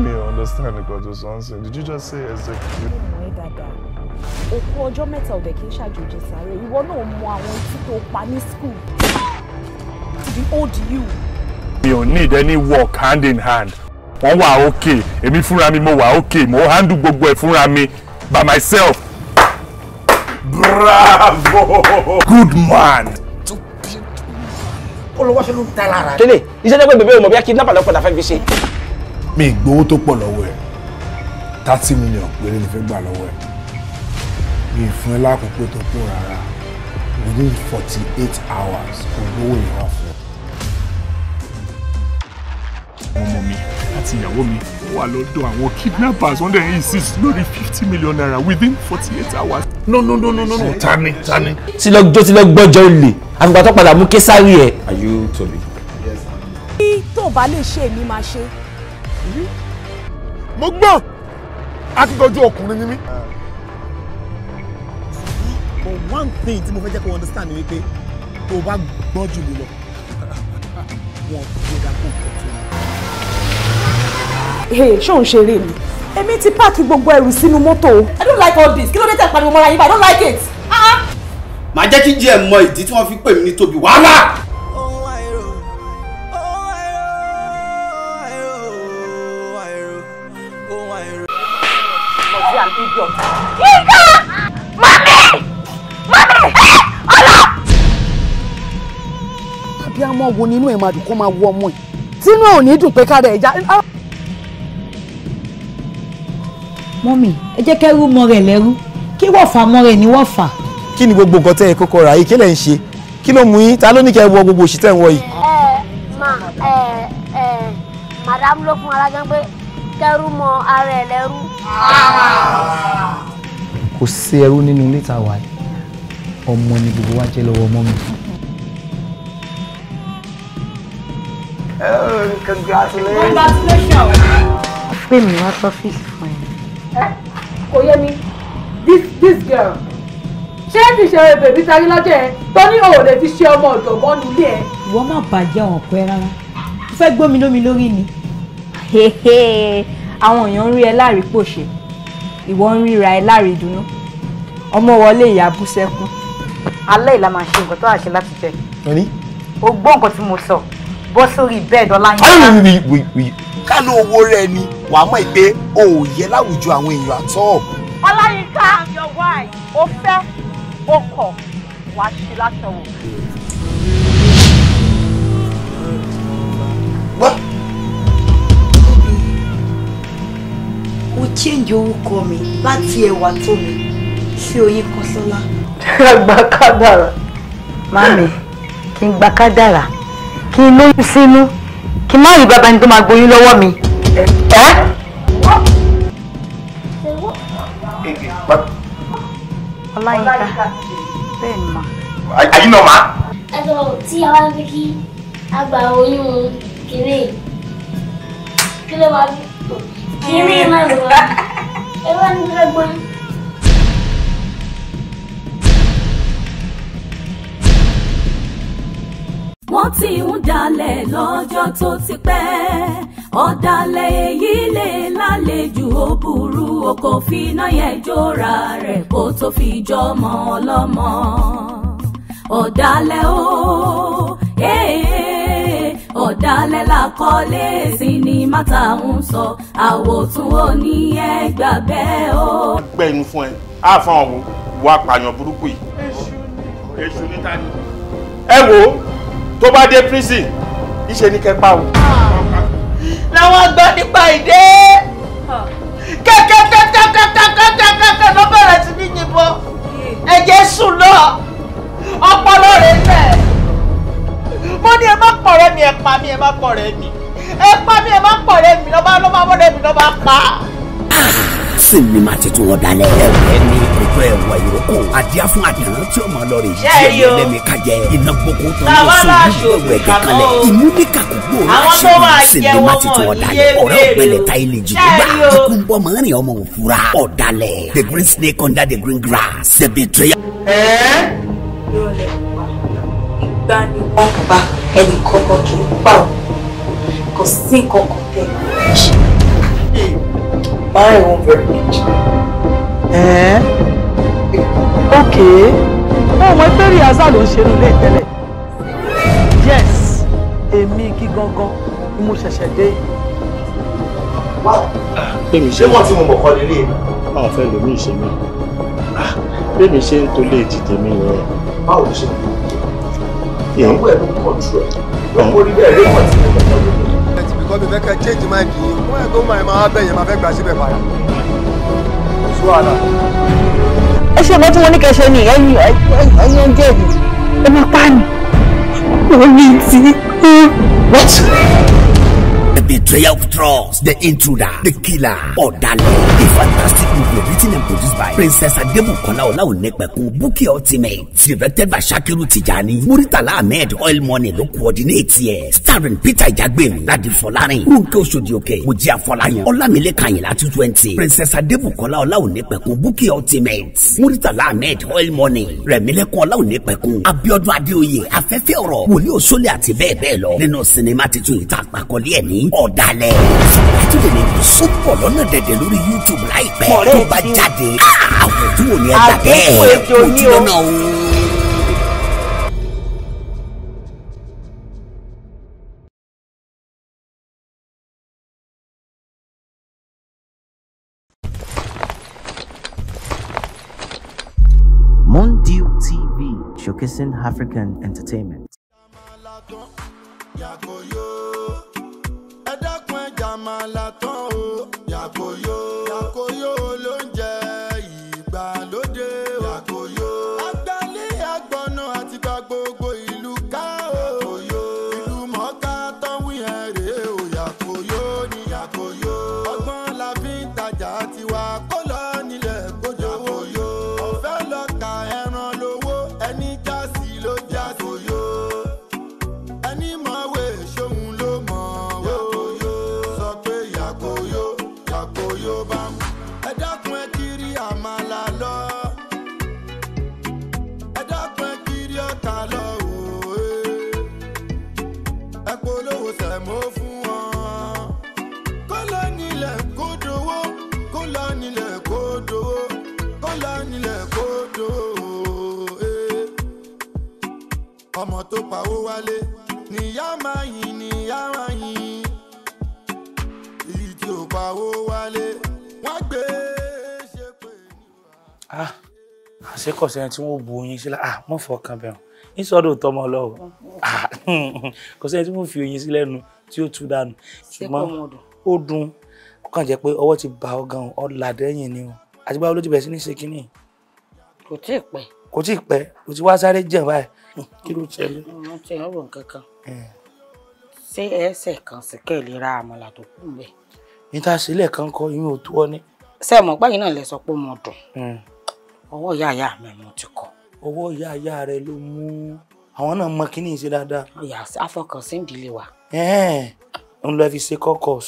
mi understand nǹkan tó sọ ń did you just say execute? mo ní dáadáa òkú ọjọ́ mẹ́ta ọ̀dẹ̀ kì í ṣàjòjì sáré ìwọ náà mọ àwọn pa ní school to the old you. mi ò need any work hand in hand wọ́n wa okay èmi fúnra mi mo wa okay mo handle gbogbo e fúnra mi by myself. bravo good man olùwàṣẹ́ ló ń ta lára. tẹ́lẹ̀ iṣẹ́ jẹ́ pé bèbè ò mọ̀ bí a kidnapper lọ́pọ̀ dàfẹ́ fi ṣe mi ìgbowó tó pọ̀ lọ́wọ́ ẹ̀ thirty million péré ni fẹ́ gbà lọ́wọ́ ẹ̀ mi ìfún ẹ lákòókò tó pọ̀ rárá within forty eight hours kò gbowó yẹn wá fún ẹ. àwọn ọmọ mi àti ìyàwó mi wà lọ́dọ̀ àwọn kidnappers wọ́n dẹ̀ ń insist lórí fifty million naira within forty eight hours. no no no no no no tani tani. tí lọ jó tí lọ gbọ́jọ́ olè àfìgbà tó padà mú késàrí ẹ̀. are you Tobi. tó o bá lè ṣe èmi máa ṣe é mo gbọ́n akíkanjú ọkùnrin ni mí. Ah. but one thing tí mo fẹ́ jẹ́ kó understand ni wípé tó o bá gbọ́ jù lọ wọn kò dá kó o tó. ee ṣé òun mi èmi ti páàkì gbogbo ẹrù sínú mọ́tò. i don't like all this kí ló dé tẹ̀ pariwo mọ́ra yín bá i don't like it. Ah! màá jẹ́ kí jíẹ̀ mọ ìdí tí wọ́n fi pè mí ní tóbi wàhálà. ọmọ wo nínú ẹ̀ máa dùn kó máa wọ ọmọ ẹ̀ tínú ẹ̀ ò ní dùn pé ká rẹ̀ já. Ah! mọ́mì ẹ jẹ́ kẹ́rú mọ́ rẹ̀ lẹ́rú kí wọ́n fà mọ́ rẹ̀ ni wọ́n fà. kí ni gbogbo nǹkan tẹ́ ẹ kókó ra yìí kí lẹ̀ ń ṣe kí ló mú yín ta ló ní kẹ́ ẹ wọ gbogbo òṣìṣẹ́ ń wọ yìí. ẹ ma ẹ ẹ madam ló fún alájọ pé kẹ́rú mọ ara ẹ̀ lẹ́rú. kò sí ẹrú nínú ilé ìtawà ọmọ ni gbogbo wa jẹ́ lọ́wọ́ mọ́mì. Oh, congratulations. Congratulations. Pè mí wá sọ́fíìsì fún ẹ. Ẹ eh, kò yé this this girl, ṣé ti ṣe ẹ bèbí sáré lọ́jọ́ ẹ tó ní òun lè fi ṣe ọmọ ọ̀dọ̀gbọ́n nílé ẹ. Ìwọ má bàjẹ́ àwọn ọ̀pẹ rárá, o fẹ́ gbómi lómi lórí ni. Àwọn èèyàn ń rí ẹ You pòṣe, ìwọ ń ríra ẹ láàrí Omo Ọmọ wọlé ìyá bú sẹ́kún. Alẹ́ ìlà máa ṣe nǹkan tó àṣẹ láti jẹ. Ó gbọ́ nǹkan tí mo So bọ́ sórí bẹ́ẹ̀dì ọláyínká. kálù owó rẹ ni wàá mọ̀ pé o ò yẹ láwùjọ àwọn èèyàn àtọ́. ọláyínká your wife o fẹ́ o kọ̀ wàá ṣe látọ̀wọ̀. mo change orúkọ mi láti ẹwà tó mi sí oyin kan sọlá. gbàkádàrà mami kí n gbàkádàrà kí n lóyún sínú kí n má rí bàbá ẹni tó máa gboyún lọ́wọ́ mi. ọláyínká bẹ́ẹ̀ ni mà. àyí náà mà. ẹ̀sọ́ tí a wá fi kí a gba oyún kéré kí ló wá kéré náà lọ́wọ́ ẹ wá ní kí ló gbóyún. wọ́n ti ń dalẹ̀ lọ́jọ́ tó ti pẹ́ ọ̀dàlẹ̀ èyí lè lálejò ó burú o kò fi iná yẹn jóra rẹ̀ kó tó fi jọmọ ọlọ́mọ ọ̀dàlẹ̀ o ọ̀dàlẹ̀ làkọ́lé sinimá táwọn sọ àwòtún òní ẹgbà bẹ́ẹ̀ o. gbẹ̀yìn fún ẹ àfọ̀n wo wàá pààyàn burúkú yìí èṣù níta ni ẹ wo tó bá dé prison iṣẹ́ ní kẹ́pà o. làwọn gbọ́ nípa ìdè kẹ́kẹ́kẹ́kẹ́kẹ́kẹ́kẹ́ ló bẹ̀rẹ̀ sí ní yìnbọn ẹ̀jẹ̀ sùn lọ ọpọlọ rẹ̀ lẹ̀ mo ní ẹ má pọ̀rẹ́ mi ẹ pa mi ẹ má pọ̀rẹ́ mi ẹ pa mi ẹ má pọ̀rẹ́ mi lọ́ba lọ́ba mọ́rẹ́ mi lọ́ba pa. sinimá ti tún wọn dalẹ̀ ẹ̀rọ ẹni àpèjọ ẹ̀wà ìrókò àdíá fún àdán tí ó mọ̀ lọ rè jí ẹ̀yẹ lẹ́mi kájẹ iná gbogbo tó ní oṣù ìwé ẹ̀jẹ̀ kalẹ̀ ìmúdíkàkúgbò láṣẹ sinimá titun ọ̀dàlẹ̀ ọ̀rẹ́ ògbẹ́lẹ̀ ta ilé jù nígbà ikú ń bọ́ mọ́rin ọmọ òfura ọ̀dàlẹ̀ the green snake under the green grass the betrayal. ẹ̀ẹ́ ìgbà ni wọ́n bá ẹnì kọ́kọ́ kì í pa ọ́ kò sí nǹkan kan tẹ̀ ẹ́ ṣe. báyìí wọ́n ẹ ókè ó mọ pé rìhásà ló ń ṣe nílé ìtẹ́lẹ̀ yes èmi igi gangan ni mo ṣẹ̀ṣẹ̀ dé. ṣé wọ́n ti mọ̀ mọ̀kọ́ nílé yìí. a fẹ́ lómi ìṣe mi bẹ́ẹ̀ mi ṣe ń tó lé ìdìtẹ̀ mi rẹ̀. báwo ló ṣe ń bọ̀ ìyàwó ẹ̀ ló ń kọ̀ọ̀tù ẹ̀ lọ́wọ́ orí bẹ́ẹ̀ rẹ̀ wọ́n ti mọ̀ mọ̀kọ́ nílé. ẹ̀ ti bìkọ́ mi fẹ́ kẹ́ change mind yìí wọ́n ẹ̀ tó máa ẹ̀ máa bẹ̀yẹ̀ máa fẹ́ gbà síbẹ̀ padà ẹ ṣe mọ́ tí wọ́n ní kẹṣẹ́ ni ẹ̀yìn ẹ̀yìn oúnjẹ mi ẹ máa pa ni. wọ́n ní ti. what. Betrayal of Trust, The Intruder, The Killer, Ọ̀dàlẹ̀. A fantastic movie written and produced by Princess Adebukola Olaunepẹ̀kun buki Ultimate. Directed by Shakiru Tijani. Muritala Ahmed Oil Money ló coordinate yẹ. Starring Peter Ijagbemi, Ladi Folarin, Runke Osodioke, Moji Afolayan, Olamile Kayinla two twenty. Princess Adebukola Olaunepẹ̀kun buki Ultimate. Muritala Ahmed Oil Money. Rẹ̀mílẹ́kun Olaunepẹ̀kun. Abiodun Adeoye, Afẹ́fẹ́ Ọ̀rọ̀, Wòlíì Òṣòlè àti bẹ́ẹ̀ bẹ́ẹ̀ lọ. Nínú sinimá titun ìta àpàkọ́lé ẹ̀ ní ọ̀dàlẹ̀. Sọ̀rọ̀ tó lè lè sọ́pọ̀ lọ́nà dẹ̀dẹ̀ lórí YouTube láìpẹ́ tó bá jáde. Àwọn ojú wo ni ẹ gbà bẹ́ẹ̀? Ojú lọ́nà o. Mondew TV, showcasing African entertainment. mala ìyá máa yìn ni ìyá máa yìn èyí tí ò pa owó wálé wọ́n gbé e ṣe pé níwá. Ah, àṣekọ̀sẹ́ tí wọ́n bu oyin sílẹ̀ ah wọ́n fọkàn bẹ̀rù ní sọ́dọ̀ tọmọ lọ́wọ́ ah, kò sẹ́ni tí wọ́n fi oyin sí lẹ́nu tí ó tú dànù ṣùgbọ́n ó dùn ó kàn jẹ́ pé ọwọ́ ti bá ọ gan ọ làdẹ́yìn ni o àti báwo ló ti bẹ̀rẹ̀ sí ní ṣe kínní. kò tí ì pẹ́. kò tí ì pẹ́ o ti wá sáré jẹun báyìí kí ló ṣẹlẹ̀. mo ti ń rò nǹkan kan ṣé ẹsẹ̀ kan sì kẹ́lẹ̀ ra àmàlà tó kù ń bẹ̀. ní tá a sílẹ̀ kan kọ́ ìyẹn ò tó ọ ní. ṣé ẹ mọ̀ pé yín náà lè sọ pé mo dùn ọwọ́ ìyá ìyá mi mo ti kọ́. ọwọ́ ìyá ìyá rẹ ló mú àwọn náà mọ kíní ṣe dáadáa. ìyá afọkànsí ń dilé wa. ń lọ fi ṣe caucus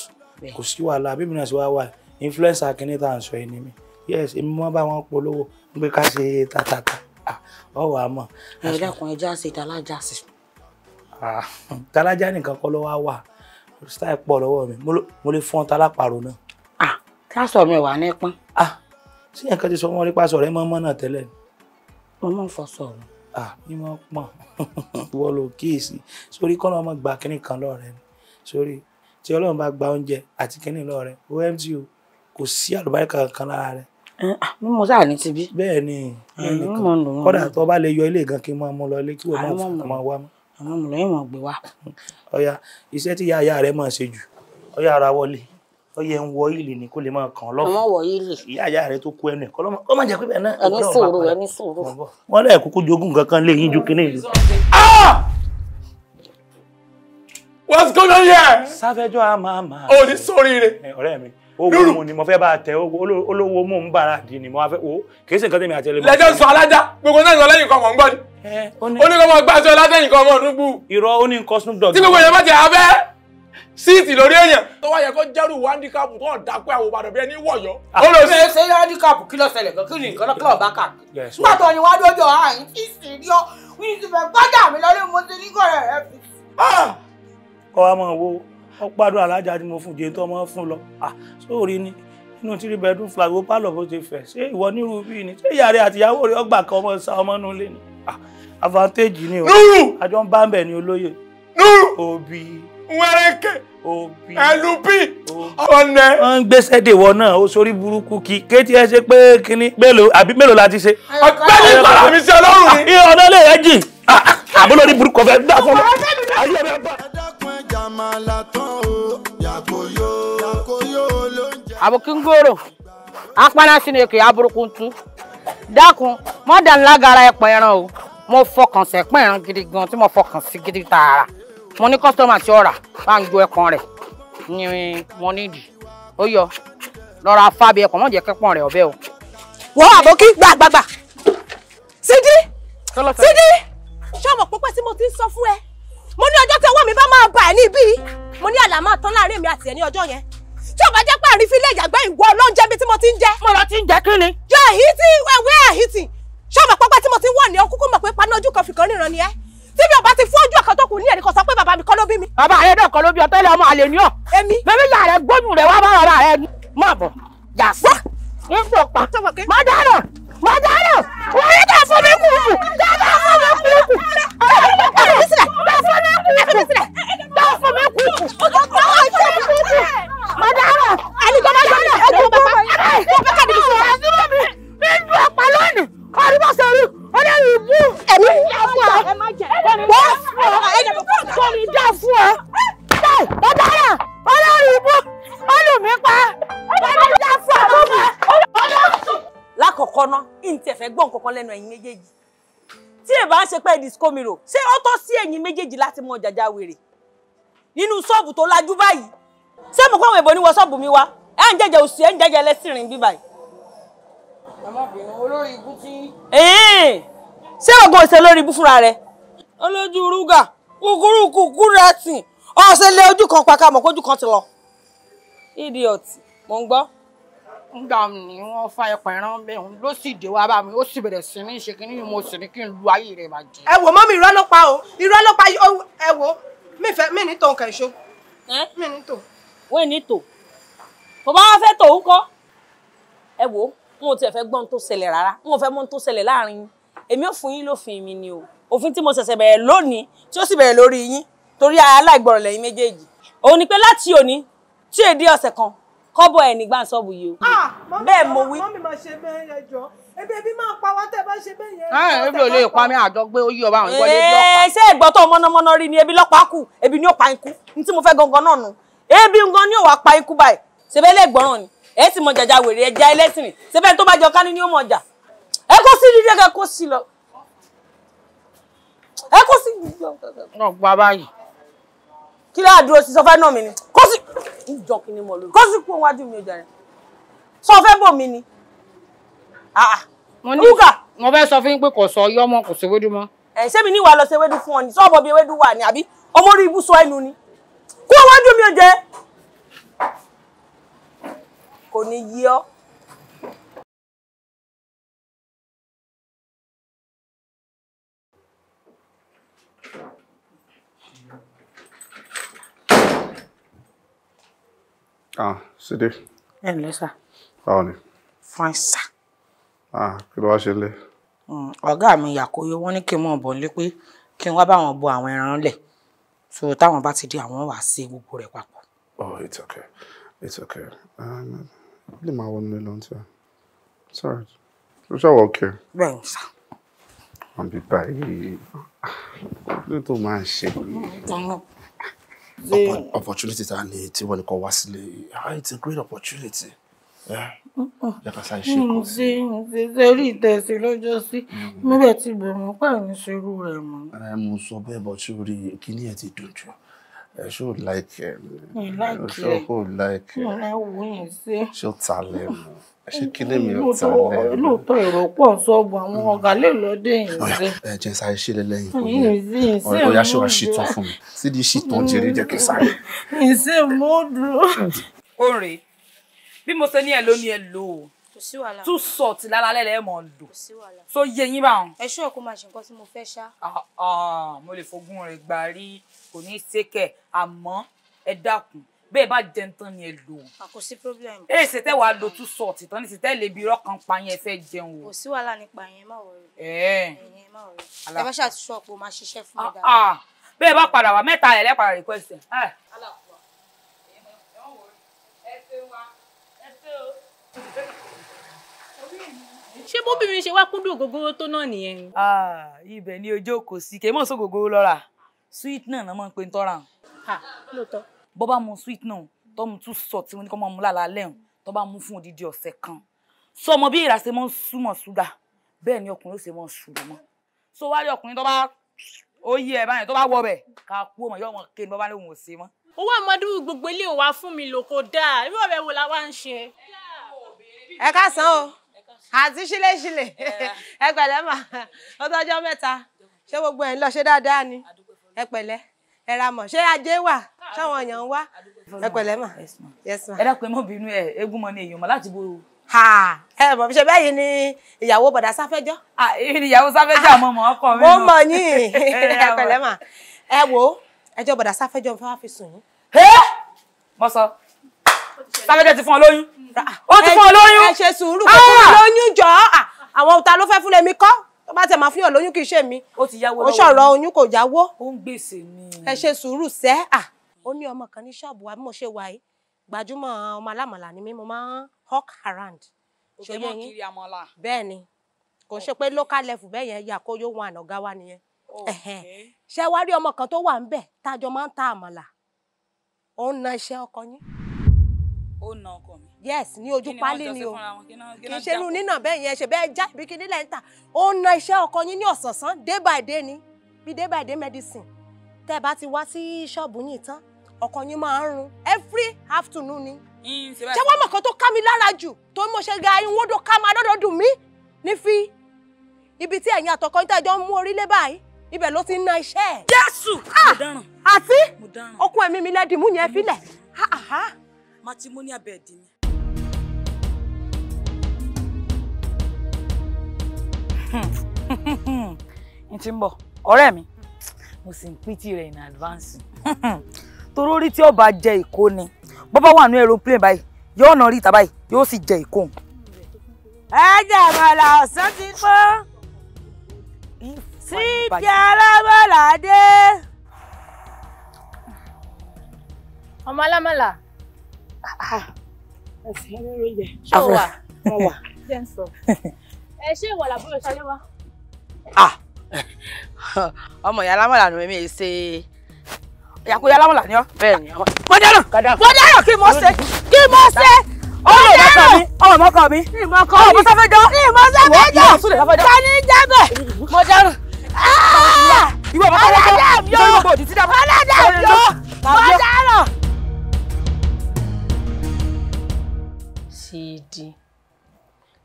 kò sí wàhálà bí náà ṣe wá wà influencer kíní tá à ń sọ ẹni mi yes èmi mọ́ bá wọn polówó ń pé ká ṣe tatata. Ah, ọwọ́ àmọ́. ẹ dákun ẹja ṣe talájà sí. Ah, talájà nìkan kọ́ ló wá wà style pọ̀ lọ́wọ́ mi mo lè fọ́n talápàrọ̀ náà. káṣọ ah, mi wà ní pọ́n. sí yẹn kan ti sọ wọn rí pásọ rẹ mọ́mọ́ náà tẹ́lẹ̀. mo máa ń fọ sọ̀rọ̀. mi máa ń pọ̀n wọ́n lò kíyèsí sórí kọ́nà ọmọ gba kínní kan lọ́rẹ́ mi sórí tí ọlọ́run bá gba oúnjẹ àti kínní lọ́rẹ́ omt o kò sí àlùbáríkà kankan lára rẹ̀ Ah, mo sáà ní tibí. bẹ́ẹ̀ ni kódà tó bá lè yọ ilé gan kí n ọmọ wa mọ́. àwọn ọmọ lọ́yìn máa wa. rẹ̀ ṣe jù ọyá ara wọlé ọ̀yẹ ń wọ ìlì ni le lè máa kàn lọ́fọ̀. rẹ̀ tó kú ẹnu náà. kankan le ju ah! What's going on here? a o owó mu ni mo fẹ́ bá tẹ olówó mò ń bàrà dì ni mo fẹ́ wo kì í ṣe nǹkan tẹ̀mí àti ẹlẹ́mọ̀. lẹ́jọ́ sọ alájà gbogbo náà sọ lẹ́yìn kan mọ̀ ń gbọ́ ni ó ní kọ́ mọ̀ gbà sọ látẹ̀yìn kan mọ̀ nùgbù. irọ́ ó ní nǹkan Snoop Dogg. tí gbogbo èèyàn bá ti abẹ́ síìtì lórí èèyàn. tó wáyé kó jẹ́rù wáńdíkàpù tó ń dákú àwọn Ìbàdàn bíi ẹni wọ̀yọ́. Ah. ó lọ sí ṣe wáńdíkàpù kí ló ṣẹlẹ̀ gan kí ni nǹkan lọ́kọ́ ọ̀bá kà. nígbà tó ah, ní ah! wá lójó àyín tí ọ alájà tí mo fún jẹ tó fún lọ sóòrí ni inú tírí bẹẹdún flag ó pálọ bó ti fẹ ṣé ìwọ nírú bí ni ṣé ìyá rẹ àtìyàwó rẹ ọgbà kan ọmọ sa ọmọ nulẹ ni advantage ni o àjọ ń bá ń bẹ ní olóyè òbí wẹrẹkẹ òbí ẹlùbí ọ̀nẹ. wọ́n ń gbéṣẹ́ dèwọ náà ó sórí burúkú kí kéétì ẹ ṣe pé kínní mélòó àbí mélòó la ṣe. ọ̀gbẹ́ni sọ̀rọ̀ mi ṣe ọlọ́run ni. Ah, ọ̀nà lè rẹ́ jì ah, àbúlọ̀ ní burúkú ọ̀fẹ́ dá fún mi àmàlà tán o yàkóyó yàkóyó ló ń jẹ. àbùkù ń gbòòrò apáná sínú èkè aburúkú tú dákun mọ́dà ńlá gara ẹran o mo fọkàn sẹ́pọ̀ ẹran gidi gan tí mo fọkàn sí gidi tààrà mo ní kọ́sítọ́mà tí ó rà bá ń ju ẹ̀kan rẹ̀ ni mo nídìí ó yọ lọ́ra fábí ẹ̀kan mọ̀ jẹ́ kẹ́pọ̀n rẹ̀ ọ̀bẹ o. wọ́n àbókí gbàgbàgbà sídìí sídìí ṣé ọmọ pípẹ́ tí mo ti ń sọ fún ẹ mo ní ọjọ́ tí ọwọ́ mi bá máa bà ẹ́ níbí mo ní àlá máa tán láàrin mi àti ẹ̀ ní ọjọ́ yẹn tí ọba jẹ́ pé àrífín ilé ìyàgbẹ́ ìwọ ọlọ́njẹ́ bí tí mo ti ń jẹ́. mo lọ ti ń jẹ kí ni. jọ èyí tí ẹwẹ́ èyí tì ṣọ́ọ̀mọ̀ pápá tí mo ti ń wọ̀ ní ọ kúkú mọ̀ pé paná ojú kan fìkan ríran ni ẹ́ tí mi ò bá ti fún ojú ọ̀kan tó kù ní ẹ̀rí kan sọ pé bàbá mi kọ́ ló bí mi. bàbá rẹ náà kọ́ ló bí ọ tẹ́lẹ̀ ọmọ àlè ni ọ. èmi. bẹ́ẹ̀ni ìyá rẹ gbóyún rẹ wá bá bàbá rẹ mọ̀ bọ̀ yà sí. Madara, Madara, wàdàrà wàyẹ tà fún mi kùkù tà tà fún mi kùkù tà fún mi sílẹ̀ tà fún mi kùkù tà fún mi kùkù tà fún mi kùkù wàdàrà àlùkọ́mọ́ sọ̀rọ̀ ẹ̀jẹ̀ bàbá ẹ̀jẹ̀ bàbá kàdé fún wa nínú ọ̀pá lónìí ọdún bá sọ̀rọ̀ ọdún yìí bú ẹ̀mí ìyàwó wọ́n fún ọ kò ní dá fún ọ wàdàrà ọdún yìí bú ọdún mi pa ọdún dá fún ọ lákọ̀ọ́kọ́ ná ìǹtẹ̀ fẹ́ gbọ́ nǹkan kan lẹ́nu ẹ̀yin méjèèjì tí èèbá ń ṣe pé disco miro ṣé ó tọ́ sí ẹ̀yin méjèèjì láti mọ jàjà wèrè nínú ṣọ́ọ̀bù tó lajú báyìí ṣé mo kọ́ àwọn èbò ní wọ ṣọ́ọ̀bù mi wá ẹ̀ ń jẹjẹ òsì ẹ̀ ń jẹjẹ ẹlẹ́sìnrìn bí báyìí. ọmọbìnrin olórí ibú tí. ṣé ògùn òsè lórí ibú fúnra rẹ. olójú rúgà kúkúrú kúkúrú ẹ̀sìn ọ̀sẹ̀ lé ojú kan pàkà mọ̀ kójú kan ti lọ. idiot mò ń gbọ́ ńgbà ni wọ́n fa ẹ̀pọ̀ ẹran bẹ́ẹ̀ ló sì dé wá bá mi ó sì bẹ̀rẹ̀ sí ní ṣe kínní mo sì ní kí n lu ayé rẹ̀ bàjẹ́. ẹ wò mọ́ mi irọ́ ló pa o irọ́ ló pa ẹ wò mí fẹ́ mí ní tò nǹkan ìṣó. mí ní tò. wọ́n ní tò tó bá wá fẹ́ tò ń kọ́ ẹ wò n ò tiẹ̀ fẹ́ gbọ́n tó ṣẹlẹ̀ rárá n ò fẹ́ mọ́ tó ṣẹlẹ̀ láàrin yín èmi ò fún yín lófin mi ni o òfin tí mo ṣẹ̀ṣẹ̀ bẹ̀rẹ̀ lónìí tí ó sì bẹ̀rẹ̀ lórí yín torí aláìgbọràn lẹ́yìn méjèèjì òun ni pé láti òní tí èdè ọ̀sẹ̀ kan kọ́bọ̀ ẹ̀ nígbà sọ́ọ̀bù yìí o. Ah, bẹ́ẹ̀ mo wí. mọ́mí máa ṣe bẹ́ẹ̀ yẹn jọ ebi ebi máa pa wá tẹ́ bá ṣe bẹ́ẹ̀ yẹn. ẹ ah, ebi ò lè pa mí àjọ pé ó yí ọba àwọn ìwọlé bí ọ̀pá. ẹ eh, ṣé ìgbọ́ tó mọ́nàmọ́ná rí ni ebi lọ́pàá kù ebi ni ó pa ikú ní tí mo fẹ́ gangan náà nu ebi gan ni ó wàá pa ikú báyìí ṣebẹ́ lè gbọ́ràn ni ẹ sì mọ jàjà wèrè ẹja ẹlẹ́sìn ṣebẹ́ tó bá jọ kánú ni ó mọ jà ẹ kó sí dídé kẹ kó kí ló àdúró sí sọfẹ́ náà mi ni kó sí ń jọ kíní mọ lórí kó sì kú wájú mi ojàre sọ fẹ́ bò mí ni. mo ah, ah. ní mo fẹ́ sọ fún yín pé kò sọ ọyọ́ mọ́ kò ṣèwédú mọ́. ẹ ṣé mi ní ìwà lọ ṣèwédú fún ọ ni sọ́ọ̀bọ bí ewédú wà ní àbí ọmọ orí ibùsọ ẹnu ni kú wájú mi ojàre kò ní yí ọ. Ah, Sidi. Ẹ ǹlẹ́ sà. Báwo ni? Fine sà. Ah, kí ló wá ṣe lé? Hmm, ọ̀gá mi Yàkóyó, wọ́n ní kí n mọ̀ bọ̀ nílé pé kí n wá bá wọn bo àwọn ẹran lẹ̀. So táwọn bá ti di àwọn wà sí gbogbo rẹ̀ papọ̀. Oh, it's okay. It's okay. Ó um, lè máa wọnú lọ tí wọ́n. Sorry. Ó ṣàwọ̀ okay. Bẹ́ẹ̀ ni sà. Wọ́n bí báyìí. Ah, kí ló tó máa ṣe? Hmm, The opportunity ta ni tí wọ́n ní kọ́ wá sílé ah, it's a great opportunity. Yàkàsá ìṣe kan sí. Ṣé ṣe rí ìtẹ̀sí lọ́jọ́ sí? Mílẹ̀ ti bẹ̀rù pàrọ̀ ìṣerú rẹ̀ mọ́. Mo sọ bẹ́ẹ̀ bọ̀ tí ó rí kíní ẹ̀ ti dùn jù. She would like ẹ ṣó kò like ẹ ṣó ta lẹ́nu ṣé kí lèmi ò ta lẹ́nu. lóòótọ́ èrò pọ̀ ń sọ́ọ̀bù àwọn ọ̀gá lè lọ dé yìí ṣe. ẹ jẹ́ sáré ṣe lẹ́lẹ́yìn kò yẹ ọ̀rọ̀ ìyá ṣe wá ṣìtàn fún mi sídìí ṣìtàn jèrè jẹ́ kí sáré. ìṣe mọ́ dúró. ó rèé bí mo ṣe ní ẹ ló ní ẹ lò ó tú sọ̀tì lálálẹ́ lẹ́ mọ̀ lò tó yé yín báwọn. ẹ ṣọ́ kó máa ṣe nǹkan tí mo fẹ́ ṣá. Ah, ah, mo lè fogún rẹ̀ gbà rí kò ní í ṣékẹ̀ àmọ́ ẹ dákun bẹ́ẹ̀ bá jẹun tán ni ẹ lò. Ah, kò sí pírọ́blẹ̀mù. ẹ ṣe tẹ́ wàá lo tú sọ̀tì tán ní ṣe tẹ́ lè bi irọ́ kan pa yẹn fẹ́ jẹun o. kò sí wàhálà nípa yẹn má wọrí. ẹ̀ẹ́n má wọrí. ẹ bá ṣàtúnṣe ọ̀pọ̀ máa ṣiṣẹ́ fún mi dáadáa. bẹ́ẹ̀ bá padà wá mẹ́ta ẹ̀ lẹ́pàá rẹ̀ pẹ̀sẹ̀. Thank you ṣé bóbìnrin ṣe wá kúndùn ògógóró tó náà nìyẹn ni. ibẹ̀ ni ojú kò sí kèémọ sí ògógóró lọ́ra sweet náà lọ́mọ pé ń tọ́ra hàn. lóòótọ́. bọ́ bá mu sweet náà tó mu tún sọ tí mo ní kó máa mu lálaalẹ́ hàn tó bá mu fún odidi ọ̀sẹ̀ kan. sọ ọmọ bí ìrà ṣe mọ́ ń súnmọ́ ṣúgà bẹ́ẹ̀ ni ọkùnrin ó ṣe mọ́ ń ṣùgbọ́n mọ́. sọ wá rí ọkùnrin tó bá ó yí ẹ̀ báyìí tó bá wọ bẹ̀ ká kú ọmọ yọ ọmọ kéde bọ́ bá lóun ò ṣe mọ́. owó àmọ́dúró gbogbo ilé wa fún mi lò kó dáa irú ọ̀rẹ́ wo la wá ń ṣe. ẹ káàsán o àti ṣíléṣílè eh. ẹ pẹ̀lẹ́ mà ó tọ́jọ́ mẹ́ta ṣé gbogbo ẹ̀ ń lọ ṣe dáadáa ni ẹ pẹ̀lẹ́ ẹ ra mọ̀ ṣé ajé wà ṣáwọn èèyàn ń wá ẹ pẹ̀lẹ́ mà ẹ dákun ẹ mọ̀ bínú ẹ eégún mọ ni èèyàn mọ̀ láti bo ẹ mọ̀ fi ṣe bẹ́ẹ̀ ni ìyàwó bọ̀dá sáfẹ́jọ́. ìyàwó sáfẹ́jọ́ àmọ́ mọ̀ ọkọ mi. mo mọ̀ yín ẹ pẹ̀lẹ́ mà ẹ wo ẹjọ́ bọ̀dá sáfẹ́jọ́ fẹ́ wá fi sùn yín. mo sọ sáfẹ́jọ́ ti fún ọ lóyún ó ti fún ọ lóyún ẹ ṣe sùúrù kò fún mi lóyún jọ àwọn òta ló fẹ́ fún lẹ́mi kọ́ tó bá tẹ̀ máa fún yàn lóyún kì í ṣe mi ó ti yáwó lọ́wọ́ ó ṣọ̀rọ̀ oyún kò yáwó ó ń gbèsè ni ẹ ṣe sùúrù sẹ́ à ó ní ọmọ kan ní ṣọ́ọ̀bù wa bí mo ṣe wà yìí gbajúmọ̀ ọmọ alámọ̀là ni mí mo máa ń hawk around ṣòye yín bẹ́ẹ̀ ni kò ṣe pé local level bẹ́ẹ̀ yẹn yà kó yóò wọn ànàgá wa nìyẹn ṣe wá rí ọmọ kan tó wà ń bẹ̀ tájọ máa ń ta àmàlà ó ń na iṣẹ́ ọkọ yín. ó na ọkọ mi yes ní ojú pálí ni o kì í ṣe inú nínà bẹ́ẹ̀ yẹn ṣe bẹ́ẹ̀ já ibi kíní lẹ́ńtà ó na iṣẹ́ ọkọ yín ní ọ̀sánsan day by day ni bí day by day medicine tẹ́ ẹ bá ti wá sí ṣọ́ọ̀bù yìí tán ọkọ yín máa ń run every afternoon ni ṣé wọ́n mọ̀ kan tó ká mi lára jù tó mọ̀ ṣe ga irun tó ká máa dọ́dọ̀ dùn mí ní fi ibi tí ẹ̀yin àtọkọ yín tẹ́jọ́ ń mú orílẹ̀ báyìí ibẹ̀ ló ti ń na iṣẹ́ ẹ̀. jésù ah! mo dáràn àti okun ẹ̀mí mi lẹ́dìmú yẹn filẹ̀. matrimonial bed ni n mbọ ń mi mo sì ń pítì rẹ in advance torí orí tí ó bá jẹ ìkó ni bọ́bá wà ní aeroplane báyìí yóò nà rí báyìí yóò sì jẹ ìkó. ẹ àmàlà ọ̀sán ti síbi ọmọ alámàlà. Ah, ah. ń ṣé o wà? ẹ ṣé ìwọ làbúrò ṣalé wa. Ah! ọmọ ìyá lámọ̀lá ni mi ṣe ìyàkúyà lámọ̀lá ni ọ bẹ́ẹ̀ ni ọmọ. mo dẹ́rùn mo dẹ́rùn kí mo ṣe kí mo ṣe ọmọ ọmọkọ mi ọmọ sáfẹjọ ọmọ sáfẹjọ tani jẹbẹ mo dẹrùn ìwọ ọmọ sáfẹjọ ìjọba òdì tí dábọ.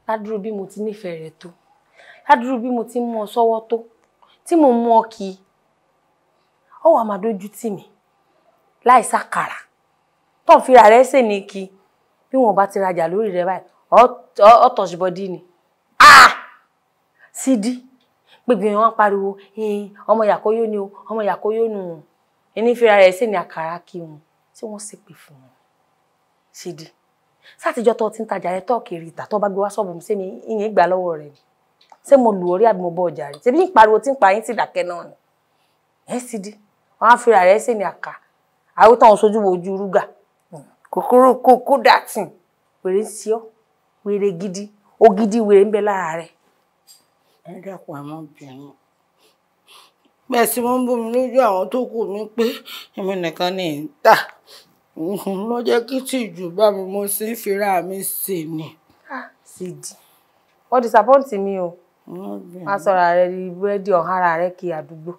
ládùúrú bí mo ti nífẹ̀ẹ́ rẹ tó ládùúrú bí mo ti mú ọ sọ́wọ́ tó tí mo mú ọ kì í ọ wà máa dójú tì mí láì sákàrà tó ń fira rẹ ṣe ní kí bí wọn bá ti rajà lórí rẹ báyìí ọ tọ̀síbọ́dí ni sídí gbogbo wọn pariwo ọmọ yàkóyó ni o ọmọ yàkóyó nù ẹni fira rẹ ṣe ní àkàrà kí wọn tí wọn sì pè fún wọn sídí sátijọ́ tó ti ń tajà rẹ tọ́ kiri ìta tó bá gbé wá sọ́ọ̀bù mi sẹ́mi ìyẹn gbà lọ́wọ́ rẹ̀ ni ṣé mo lù orí àbí mo bọ ọjà rẹ̀ ṣebí ń pariwo tí ń pa yín sì dákẹ́ náà ni ẹ̀ sì di wọn á fira rẹ̀ ṣe ni àkà àwọn táwọn sojú wo ojú rúgà kòkòrò kókó dàtì wèrè ń ṣe wèrè gidi ògidì wèrè ń bẹ lára rẹ̀. ẹ dàpọ̀ àwọn obìnrin bẹ́ẹ̀ sì wọ́n ń lójú àwọn tó kù mí pé ló jẹ́ kí tìjú bá mi mo sì ń fira mi sí ni. Ah, Sidi wọ́n disappoint mi o má sọ̀rọ̀ rẹ ní búrẹ́dì ọ̀hánra rẹ kí àdúgbò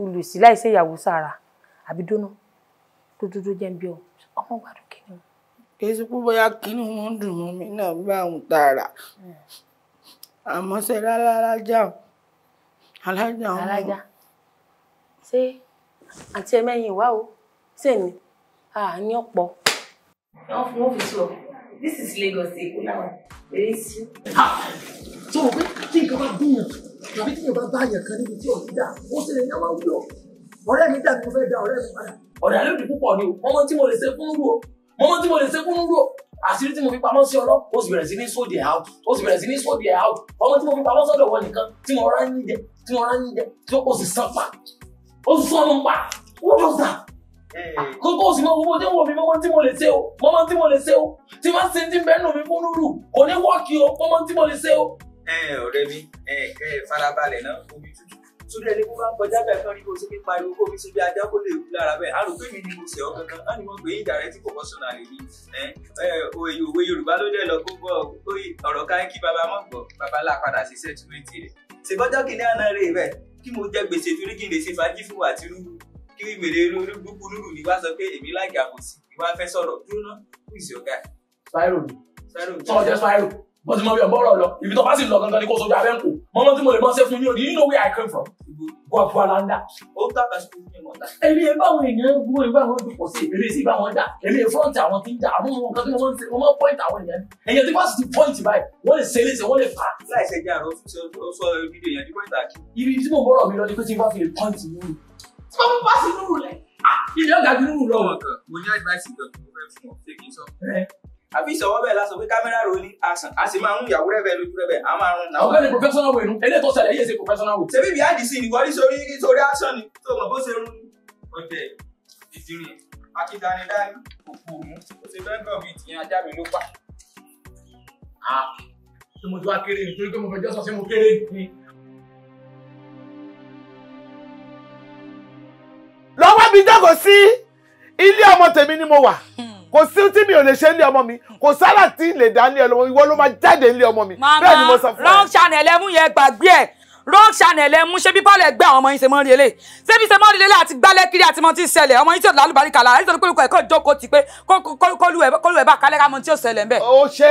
olùsí láìsí ìyàwó sára àbí dóná dódódó jẹ́ ń bí ọ ọmọ gbàdúrà kìnìún. kì í ṣe pé bóyá kínní wọn ń dùn mọ́ mi náà bá òun tààrà àmọ́ ṣe rárá alájà alájà. alájà ṣé àti ẹ̀mẹ́yìn wá o ṣé ni àáyán pọ̀. wọ́n this is Lagos Èkó làwọn eré sí. tó o pé kí nǹkan bá dùn tàbí kí nǹkan bá yàn kan níbi tí òsì dá ó sì lè ní àwọn àwùjọ ọ̀rẹ́ mi dàbí mo fẹ́ da ọ̀rẹ́ mi padà. ọ̀dà lóde púpọ̀ ni o mọ́mọ́ tí mo lè ṣe fún rúro mọ́mọ́ tí mo fi pamọ́ sí ọlọ́ ó sì bẹ̀rẹ̀ sí ní sóde out ó sì bẹ̀rẹ̀ sí ní sóde out ọmọ tí mo fi pamọ́ sọ́dọ̀ wọn nìkan tí mo rán ní jẹ tí mo rán ní jẹ tí ó sì san pa ó sì sọ́nù pa what was that? kó tó sì mọ gbogbo tí wọ́n mi mọ́ tí mo lè ṣe o mọ́ tí mo lè ṣe o tí máa ń ṣe tí ń bẹ́ẹ̀ nù mí fún lúlù kò ní wọ́ọ̀kì o mọ́ tí mo lè ṣe o. ọ̀rẹ́ mi farabalẹ̀ náà omi tútù sódà ẹni kó bá ń kọjá bẹ́ẹ̀ fẹ́ rí kó o ṣe fi pariwo kó o fi ṣe bí ajá kó lè wú lára bẹ́ẹ̀ a rò pé mi ni mo ṣe ọ́ kankan á ní mo gbé ìdá rẹ tí kò kọ́sọ̀nà rè mí òye òwe Yorùbá ló dẹ̀ lọ kó gbọ́ ọ̀rọ̀ ká kí baba mọ̀ gbọ́ baba là padà ṣiṣẹ́ tìrìtì rẹ̀ ṣèbọ́jọ́ kìnìún àná rè bẹ́ẹ̀ kí mo jẹ gbèsè torí kí n lè ṣe fàájì fún wa tìrú kí wèrè olúgbùkúlùrù ni wá sọ pé èmi láì gàbòsí ni wá fẹ́ sọ̀rọ̀ dúró náà who is your guy. spyro ni sọ jẹ spyro mo ti mọ bí ọgbọrọ lọ ibi tó bá sì lọ gangan ni kò sojú abẹ́ ń kò mọ́mọ́ tí mo lè mọ́ ṣe fún yín o do you know where I came from. gbọ̀gbọ̀ alanda. ó ń tàbí aṣọ ìpínlẹ̀ mọ́ta. èmi ẹ báwọn èèyàn ń gbọ́ ìbáwọn ojú pọ̀ sí èmi sí ìbáwọn dà èmi fọ́ǹtì àwọn tí ń dà àwọn nǹkan tí wọ́n ń ṣe wọ́n mọ́ pọ́ìntì àwọn èèyàn èèyàn tí fásitì pọ́ìntì báyìí wọ́n lè ṣe léṣe wọ́n lè fà. láìsẹ̀ jẹ́ àrọ́ sọ tí wọ́n mú pàṣẹ nínú rẹ̀ ah! ilé ọ̀gá bí nínú rọ̀ kan. mo ní advice gan mo fẹ́ fún ọ take it up. àbí ìṣọwọ́ bẹ́ẹ̀ lásán pé kámẹ́rà rò ní àsàn a sì máa ń yàwó rẹ̀ bẹ́ẹ̀ lójú rẹ̀ bẹ́ẹ̀ a máa rún náà. ọ̀gbẹ́ni professional way nu eléyìí tó ṣẹlẹ̀ yìí ṣe professional way. ṣé bíbí àdìsí ni wọ́n sórí sórí action ni tó mọ̀ bó ṣe rún ni. ọ̀tẹ̀ ìdírin òkú òmu ó ṣe fẹ́ gbọ̀n bíi tìyẹn ajá mi ló pa. Ah. ṣé mo tún wá nítorí pé mo fẹ́ jọ́sọ̀ ṣé mo kéré ni. bí jókòó sí ilé ọmọ tèmi ni mo wà hmm. kò sí tí mi ò lè ṣe ilé ọmọ mi kò sára tí lè dá ilé ọmọ mi ìwọ ló máa jáde ilé ọmọ mi bẹ́ẹ̀ ni mo sọ fún ẹ. wrong channel ẹ mú yẹn gbàgbé ẹ wrong channel ẹ mú ṣe bí bọ́ọ̀lù ẹgbẹ́ àwọn ọmọ yín ṣe mọ́ rí eléyìí ṣé bí ṣe mọ́ rí eléyìí àti gbálẹ́ kiri àti mọ́ tí ń ṣẹlẹ̀ ọmọ yín tí ò lálùbárí kàlà àti ìtọ́jú pẹ̀lú ẹ̀kọ́ ìjókòó ti pé kólú bá kálẹ́ ká tí ò ṣẹlẹ̀ ńbẹ̀. ó ṣe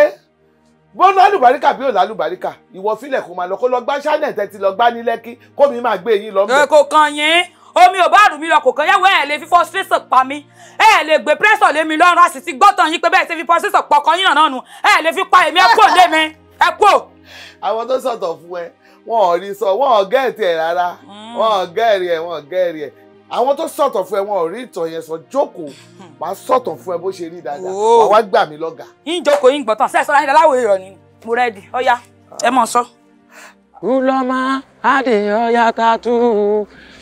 bó lálùbáríkà bí ò lálùbáríkà ìwọ filẹ̀ kò máa lọ kó lọ gbá ṣáínà tẹ́tí lọ gbá ní lẹ́kí kó mi máa gbé yín lọ. ẹ kò kàn yín omi ò bá rù mí lọ kò kàn yẹ̀wò ẹ̀ lè fi frustration pa mí ẹ̀ lè gbé pressure lé mi lọ́rùn a sì ti gbọ́tàn yín pé bẹ́ẹ̀ ṣe fi frustration pọkàn yín náà nu ẹ̀ lè fi pa èmi ẹ̀ kú òde mi ẹ̀ kú. àwọn tó sọ̀tọ̀ fún ẹ wọn ò rí sọ wọn ò gẹ́ẹ̀tì ẹ̀ rárá hmm. wọn ò gẹ́ẹ̀rì ẹ̀ wọn ò gẹ́ẹ̀rì ẹ̀ àwọn tó sọ̀tọ̀ fún ẹ wọn ò rí ìtàn yẹn sọ jókòó máa hmm. sọ̀tọ̀ fún ẹ bó ṣe rí dáadáa wàá wá gbà mí lọ́gà. yín jókòó yín gbọ̀tàn sẹ́ẹ̀ sọ́ra yín dáláwò èrò ni mo rẹ́ẹ̀dì ọ̀ya ẹ mọ̀ sọ. ulọ́mọ adìyọ yàtà tù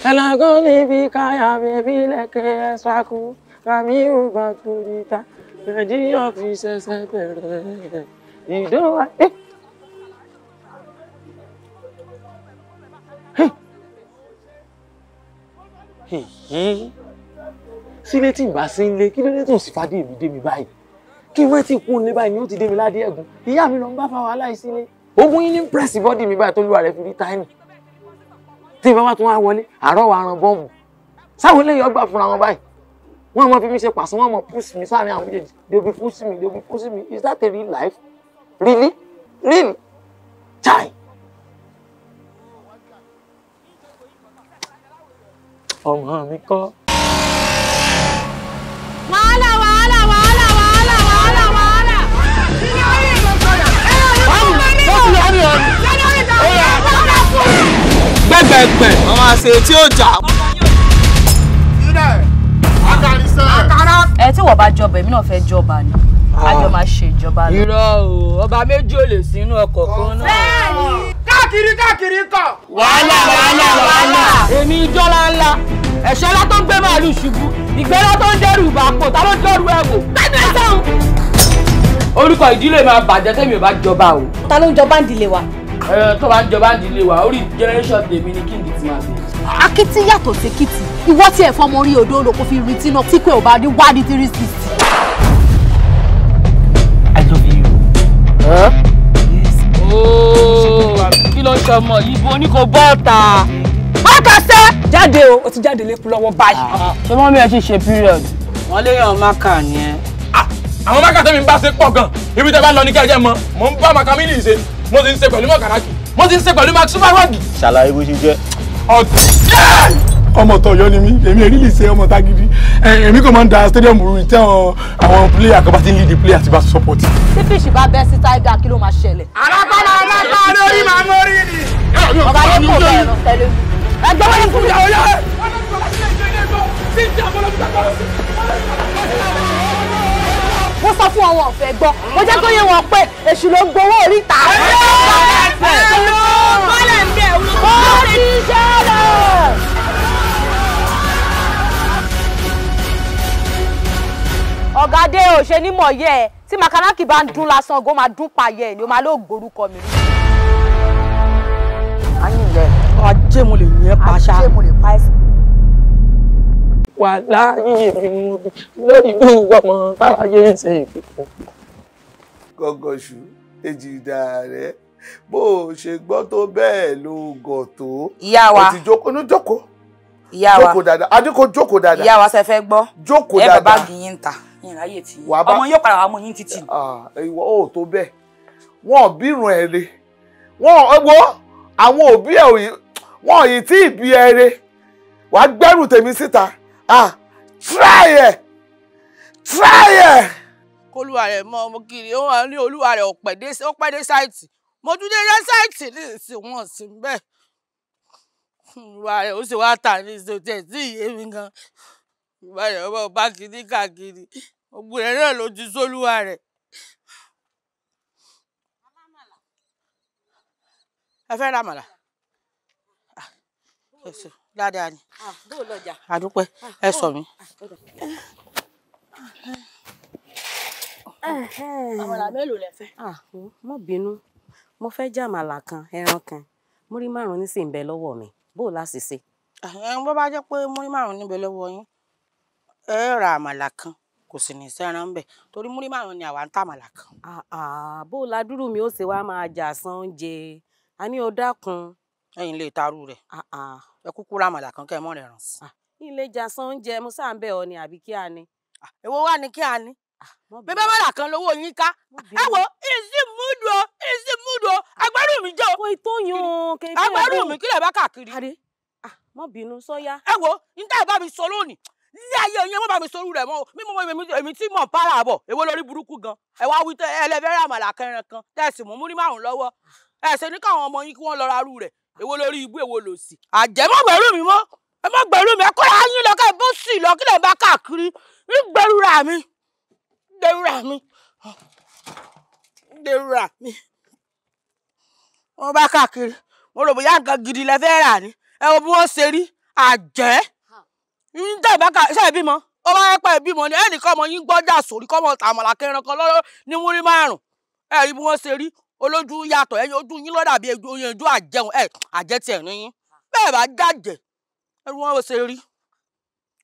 Elago libi kaya bebi leke eswaku. Kami uba kurita. Ready your pieces sepere. You don't want it. sílé tí ìbá sí ń lé kí ló dé tó sì fàdé èmi dé mi báyìí kí wọ́n ti kú ní báyìí ni ó ti dé mi ládé ẹ̀gún ìyá mi lọ ń bá fa wàhálà yìí sílé ogun yín ní pírẹ́sì bọ́dì mi báyìí tó lù ààrẹ fi rí táìmù tí ìbá wa tún wá wọlé àárọ̀ wa ran bọ́ọ̀mù sáwọn eléyìí ọgbà fúnra wọn báyìí wọn máa fi mí ṣe pàṣẹ wọn máa push mi sáàrin àwọn méjèèjì they be push me they be push me is that a real life really really chai. ọmọ mi kọ́. wàhálà wa. gbẹ̀gbẹ̀ wọ́n máa ṣe tí ó jà. ẹ tí wọ́n bá jọba èmi náà fẹ́ jọba ni àjọ máa ṣe ìjọba lọ. irọ́ o ọba méjì ò lè sínú ọkọ̀ kan náà. bẹ́ẹ̀ni káàkiri káàkiri kọ. wàhálà wàhálà wàhálà. èmi ìjọra ńlá ẹ̀ṣọ́ ńlá tó ń gbé màálù ṣubú ìgbéra tó ń dẹ́rù bàpọ̀ tá ló ń dẹ́rù ẹ̀wò. pẹ́ẹ́nù ẹ̀ sọ́hun. orúkọ ìdílé máa bàjẹ́ tẹ́mi ò bá jọba o. ta ló ń jọba ń dilé wa tó bá jọba ìdílé wa orí generation tèmi ni kí n di máa bẹ̀rẹ̀. akitì yàtọ̀ sí kìtì ìwọ tí ẹ̀fọn ọmọ orí odò ló fi rí tí náà tí pé ò bá dé wá di three sixty. I love you. Huh? Yes. Oh, kí ló ń ṣe ọmọ yìí bo ní kò bọ́ ọ̀tà. bọ́ọ̀tà ṣe. jáde o o ti jáde lẹ́kùn lọ́wọ́ báyìí. Ah, ah. ṣé mọ́mí ẹ ti ṣe period. wọ́n léèyàn máka nìyẹn. Ah, àwọn máka tẹ́mi ń bá ṣe pọ̀ gan-an ibi tẹ́ bá lọ ní kẹ́kẹ́ mọ́ mò ń bá màkà mílì ṣe mo ti ń ṣe pẹ̀lú mọ̀kàràkì mo ti ń ṣe pẹ̀lú max superwagi. ṣàlàyé bó ṣe jẹ́. ọtí ọmọ tọyọ ni mí èmi èrí lè ṣe ọmọ tágídí èmi kò máa ń da stadium rú tí àwọn àwọn player kan bá ti ń lead the player ti bá support. tí fíìsì bá bẹ́ sí tiger kí ló máa ṣẹlẹ̀. alábàlá alábà lórí màá mórí ni. ọba yóò kó bẹ́ẹ̀ lọ tẹ́lẹ̀. ẹgbẹ́ wọn ni fún mi mo sọ fún wọn wọn fẹ́ gbọ́ mo jẹ́ kó yé wọn pé èṣù ló ń gbowó oríta. bọ́lẹ̀ ń bẹ̀ wọ́n kó lè ṣẹlẹ̀. ọ̀gá dé ò ṣe ní mọ̀yẹ́ ẹ̀ tí makaraki bá ń dún lásán ògo máa dún payẹ́ ni ó máa lóò gborúkọ mi. ayé mo lè yẹn pa ṣá. ajé mo lè pa ẹsẹ̀ wà láàyè mi mú mi lórí ìlú ọmọ táwáyé ń ṣe ìpínpọ̀. gọgọṣù èjìdá rẹ bó o ṣe gbọ́ tó bẹ́ẹ̀ ló gọ̀ tó. ìyá wa o ti jókòó ní jókòó. ìyá wa jókòó dáadáa adéko jókòó dáadáa. ìyá wa ṣe fẹ́ gbọ́ jókòó dáadáa ẹ bàbá gbìyìn ń ta ìráyè tí ọmọ yóò padà wà mú yín títì. ìwọ ò tó bẹ́ẹ̀ wọn bírun ẹ̀ re wọn wo àwọn òbí ẹ̀ wọn yìí tí ì bí ẹ̀ re wàá gbẹ́rù tèmi síta ah try ẹ try ẹ. kólúwa rẹ mọ ọmọ kiri ó wà ní olúwa rẹ ọpẹdé ọpẹdé ṣáìtì mo tún dé dé ṣáìtì ní ìsìnwọn sí bẹ́ẹ̀ olúwa rẹ ó sì wá tà ní ìsòtì ẹ tí ìyé mi gan ìwà rẹ ọmọ ọba kìíní káàkiri ògùn rẹ náà ló ti sólúwa rẹ. ẹ fẹ́ ra màlà. Yes, ah, dáadáa ni. Ah, àdúpẹ́ ah, ẹ sọ mi. Ah, àmàlà mélòó lẹ fẹ́. mo bínú mo fẹ́ jẹ àmàlà kan ẹran kan múrí márùn-ún ní sì ń bẹ lọ́wọ́ mi bó o láti ṣe. bó bá jẹ́ pé múrí márùn-ún níbẹ̀ lọ́wọ́ yín ẹ ra àmàlà kan kò sì ní sẹ́ran ń bẹ̀ torí múrí márùn-ún ni àwa ń tà àmàlà kan. bó o ládùúrú mi ó ṣe wá máa jà san oúnjẹ a ní o dákun. ẹ̀yin lè taru rẹ. ẹ kúkú ràmàlà kan kẹ́ ẹ mọ̀ rẹ̀ ràn. ilé jasan oúnjẹ musa ń bẹ̀ ọ ni àbí kí a ni. èwo wà ní kí a ni bébé mọ́là kan lówó yín ká ẹ wo ìsì múdu o ìsì múdu o agbẹ́rù mi jẹ́ o. kò tó yan kékeré agbẹ́rù mi kílẹ̀ bá káàkiri. àdé má bínú sọ́yá. ẹ wo níta ìbá mi sọ lónìí ní ayé yẹn mo bá mi sorú rẹ mọ mi mo èmi tí mò para bọ èwo lórí burúkú gan ẹ wá wí tẹ ẹlẹfẹrẹ àmàlà kẹrin kan tẹsí mú múrí márùn lọ́wọ́ ẹ ṣe ní káwọn ọmọ yín kí wọn lọ ra rú rẹ èwo lórí ibú èwo lò sí. àjẹmọ́ gbẹ̀rù mi mọ́ ẹ má gbẹ̀rù mi ẹ kó ra yín lọ kẹ́ ẹ bó sì lọ kí lè bá káàkiri ń gbẹ̀rù ra mi ń gbẹ̀rù ra mi ń gbẹ̀rù ra mi wọ́n bá káàkiri mo rò bóyá nǹkan gidi lẹ fẹ́ rà ni ẹ wo bí wọ́n ṣe rí àjẹ́ ń tẹ̀ bá ká ṣe é bímọ ó bá yẹ pé ìbímọ ni ẹnìkan ọmọ yín gbọ́jà sórí kọ́mọ tàmọ̀là kẹrin kan lọ́rọ́ ní múrí márùn-ún ẹ rí bí wọ́n ṣe rí olójú yàtọ̀ ẹyin ojú yín lọ́dà bíi oyin ojú àjẹun ẹ àjẹtì ẹ̀ níyín bẹ́ẹ̀ bá jàjẹ́ ẹrú wọn ṣe rí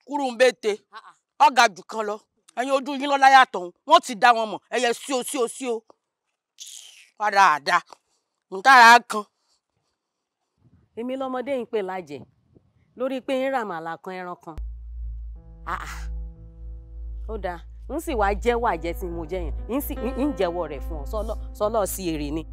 kúrú ń bètè ọ̀gá jù kan lọ ẹyin ojú yín lọ́dà yàtọ̀ wọn ti dá wọn mọ̀ ẹyẹ sí o sí o sí o padà àdá ntàrà kan. èmi lọmọdé yìí ń pè lájẹ lórí pé ń ràmàlà kan ẹran kan ó dáa ń sì wá jẹ́wọ́ àjẹ́ tí mo jẹ́ yẹn ń sì ń jẹ́wọ́ rẹ̀ fún ọ sọ́lọ́ sọ́lọ́ sí èrè ni.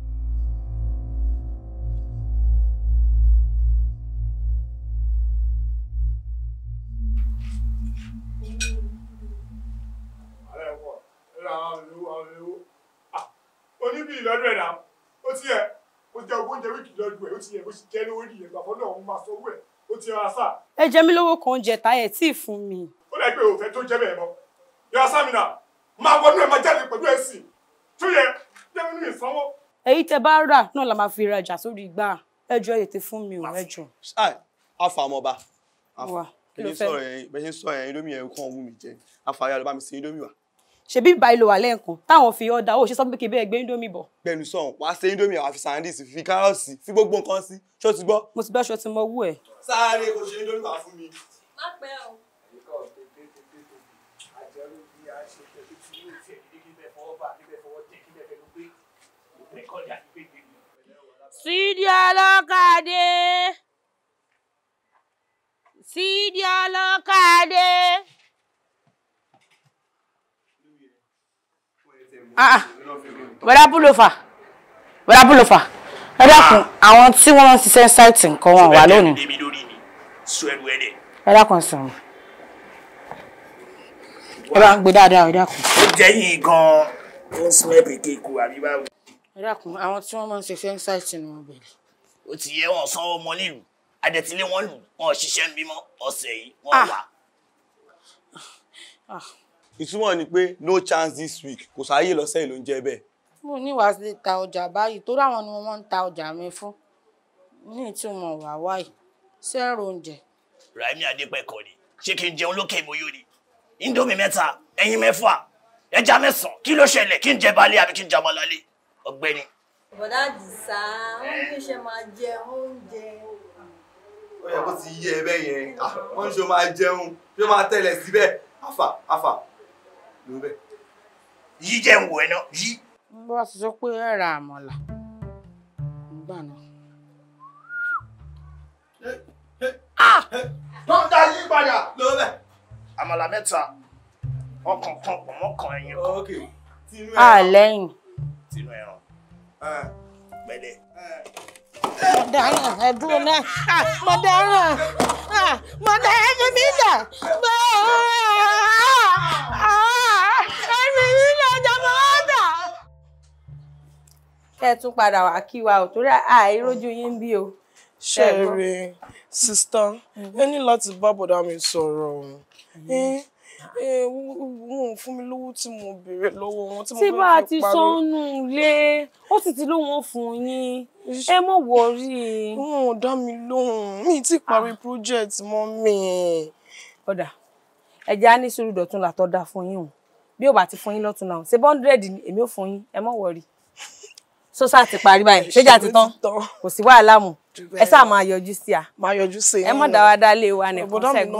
Ah, oníbi ìlọ́dún ẹ̀dá ó ti yẹ ó ti ogún jẹ wíìkì lọ́dún ẹ̀ ó ti yẹ bó ṣe jẹ́ lórí ìyẹn gbàgbọ́ náà ó máa sọ owó ẹ̀ ó ti yẹ ara sáà. ẹ jẹ mí lówó kan oúnjẹ tá tí ì fún mi. ó lẹ òfẹ tó jẹ bẹ́ẹ̀ mọ́ Gàsámìnà máa wọnú ẹ̀ máa jáde pẹ̀lú ẹ̀sìn tó yẹ jẹ́mi ní ìsanwó. èyí tẹ bá rà náà la máa fi rajà sórí igbá ẹjọ ètè fún mi ò ẹjọ. àfàmọba kí ló fẹ́ bẹ́ẹ̀ ṣe ń sọ ẹ̀yìn lómi ẹ̀kọ́ ọ̀hún mi jẹ àfàyà ló bá mi sin lómi ṣebí bá ilé wà lẹ́ẹ̀kan táwọn fi ọ̀dà ó ṣe sọ pé kí bẹ́ẹ̀ gbé indomie bọ̀. gbẹnu sọhùn wàá ṣe indomie àfi sàndíìsì fi kárọ̀sì fi gbogbo nǹkan sí ṣó ti gbọ́. mo ti gbọ́ ṣó ti mọ owó ẹ̀. sáré kò ṣe indomie wà fún mi. má pẹ́ o. Sídìí ọlọ́kadé. Sídìí ọlọ́kadé. Ah, ah. Bọ̀dá púlòfà. Bọ̀dá púlòfà. Ẹ dákun àwọn tí wọ́n ń ṣiṣẹ́ ṣáìtì nǹkan wọn wà lónìí. Ẹ dákun sọ̀rọ̀. Ẹ bá ń gbé dáadáa ẹ dákun. Ó jẹ́ yín gan-an, ó ń sinmi ẹ̀bẹ̀ kéku àbí báwo dákun àwọn tí wọ́n máa ń ṣe fẹ́ńsáìtì ni wọ́n bẹ̀rẹ̀. ó ti yẹ wọn sanwó ọmọ nílùú adẹ̀tílé wọn lù wọn ṣiṣẹ́ ń bímọ ọ̀sẹ̀ yìí wọ́n ah! wà. Ah! ìtumọ̀ ni pé no chance this week kò sáyé lọ́sẹ̀ yìí ló ń jẹ́ bẹ́ẹ̀. mo ní wàá ṣe ta ọjà báyìí torí àwọn ni mo máa ń ta ọjà mi fún ní ìtumọ̀ wàwá yìí sẹ́ẹ̀rù oúnjẹ. Raimi Adépẹ̀kọ ni ṣé kí n jẹun lókè ìmòyó ni indomie mẹ́ta ẹyin mẹ́fà ẹja mẹ́sàn-án kí ló ṣẹlẹ̀ kí n jẹ balẹ̀ àbí kí n jẹ amalálẹ̀ ọ̀gbẹ́ni. bọ̀dá àdìsá wọ́n ní ṣe máa jẹ oúnjẹ. ó yẹ kó ti yé ẹ bẹ́ẹ̀ yẹn wọ́n ń ṣe máa jẹun ṣé máa tẹ̀lẹ̀ síbẹ̀ àfà àfà ló bẹ̀. yí jẹun wò ẹ náà yí. bó a ti sọ pé ẹ ra àmàlà nígbà náà. tó ń da yí padà ló bẹ̀. àmàlà mẹ́ta ọkàn kan pọ̀ mọ́kàn ẹ̀yìn kan. a lẹ́yìn sínú ẹran pẹ̀lẹ́. Ah, ah. mọ̀dáràn ẹ̀dùn náà ah, mọ̀dáràn mọ̀dáràn ẹ̀mí mi dà ẹ̀mí mi dà jọmọ wá dà. kẹ́ ẹ tún padà wá kí wa ò torí àìrójú yín bí o. ṣẹ́ẹ̀rẹ̀ sista ẹni láti bá bọ̀dá mi sọ̀rọ̀ ọ̀hún. Mm-hmm. Eh, wọn ò fún mi lówó tí mo béèrè lọ́wọ́ wọn tí mo fẹ́ fi parí. tí bá a ti sọnù lé ó sì ti lóun fún yín ẹ mọ̀ wọrí. wọn ò dá mi lóhùn mi ti parí ah. project mọ́ mi. ọ̀dà ẹ̀jẹ̀ á ní sùúrù dọ̀tún làtọ́ dá fún yín o bí ò bá ti fún yín lọ́tún náà ṣe bọ́ńdírẹ́dì ni èmi ò fún yín ẹ mọ̀ wọrí. sọ́sà ti parí báyìí ṣéjà ti tán kò sí wàhálà mọ́ ẹ sáà máa yọjú sí a máa yọjú sí ẹ mọ̀ dáadáa lé wa nìkan ṣẹ́gun ọ̀bọ̀dá mi náà ni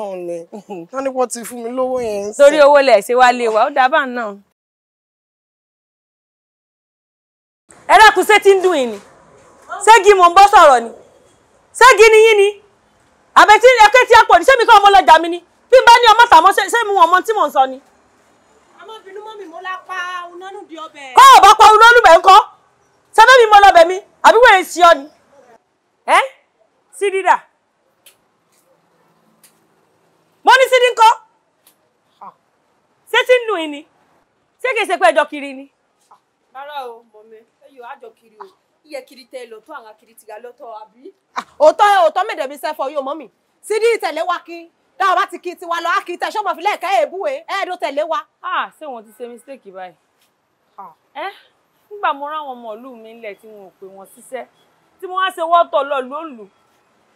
wọ́n ní wọ́n ti fún mi lówó yẹn ń sìn torí owó lẹ̀ ṣe wá lé wa ó dábàá náà. ẹ dákun ṣé tí ń dùn yìí ni ṣégi mò ń bọ́ sọ̀rọ̀ ni ṣégi ni yín ni àbẹ̀tí ẹkẹ́ tí a pọ̀ ní ṣé mi kọ́ ọmọ lọ́jà mi ni bí n bá ní ọmọ tàmọ́ ṣé mi wọ̀n ọmọ tí mò ń sọ ni. ọmọbìnrin mọ́ mo la unánú di ọbẹ̀. kọ́ ọ̀bá pa unánú bẹ̀ ń ṣẹ́fẹ́ mi mọ́ lọ́bẹ̀ mi àbí wèrè sí ọ ni ẹ́ sídìí dà mo ní sídìí ńkọ́ ah. ṣé tí ń nù yín ni ṣé kìí ṣe pé ẹjọ́ kiri ni. rárá o mọ̀mí ẹyọ àjọ kiri o iye kiri tẹ lọ́tọ̀ àwọn kiri tìga lọ́tọ̀ àbí. Ah, òótọ́ òótọ́ mẹ́ẹ̀dẹ̀bí sẹ́fọ̀ yóò mọ́ mi sídìí tẹ̀lé wa kí dáwọn bá ti kí tiwa lọ á kí tẹ ṣọ́mọ̀ fi lẹ́ẹ̀ká èébú e? ẹ ẹ̀ẹ́dún tẹ̀lé wa. a ah, ṣé wọn ti ṣe mistake báyìí. ẹ eh? nígbà mo ráwọn ọmọ ìlú mi ńlẹ̀ tí wọn ò pè wọn síṣẹ́ tí wọ́n á ṣe wọ́tọ̀ lọ lónìí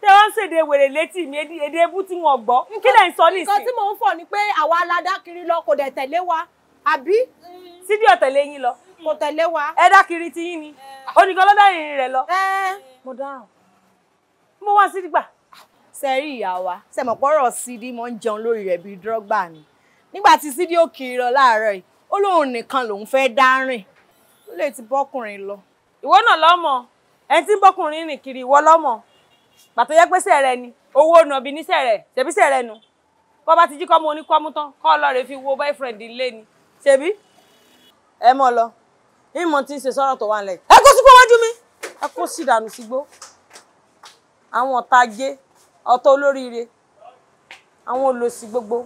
tẹ wọn ṣèdè wèrè létí mi èdè ebú tí wọn gbọ́ kí lẹ ń sọ nísìnyí. nǹkan tí mò ń fọ ni pé àwa aládá kiri lọ kò dẹ̀ tẹ̀lé wa àbí. sídìí ò tẹ̀lé yín lọ. kò tẹ̀lé wa. ẹ dá kiri ti yín ni eh. oníkan ló dáyìn rẹ lọ. Eh. mo dáhùn mo wá sí dìgbà. sẹ́rí ìyá wa sẹ́mọ̀pọ̀rọ̀ sídìí mo ń jẹun lórí rẹ̀ bíi dọ́gba ni nígbà tí sídìí ò kiri lọ láàárọ̀ yìí ó lóun nìkan lòun fẹ́ dá ó lè ti bọ́kùnrin lọ. ìwọ náà lọ́mọ ẹni tí ń bọ́kùnrin rìn kiri ìwọ lọ́mọ pàtó yẹ pé sẹ̀rẹ̀ ni owó nàbí ní sẹ̀rẹ̀ ṣebí sẹ̀rẹ̀ nu kọ́ bá ti jí kọ́mọ oníkọ́mú tán kọ́ lọ rè fi wo boyfriend ilé ni ṣebí ẹ mọ̀ lọ ìmọ̀ tí ń ṣe sọ́rọ̀ tó wà lẹ̀ ẹ kó sí kówájú mi ẹ kó sì dànù sígbó àwọn ọ̀tá ajé ọ̀tá olóríire àwọn olòṣì gbogbo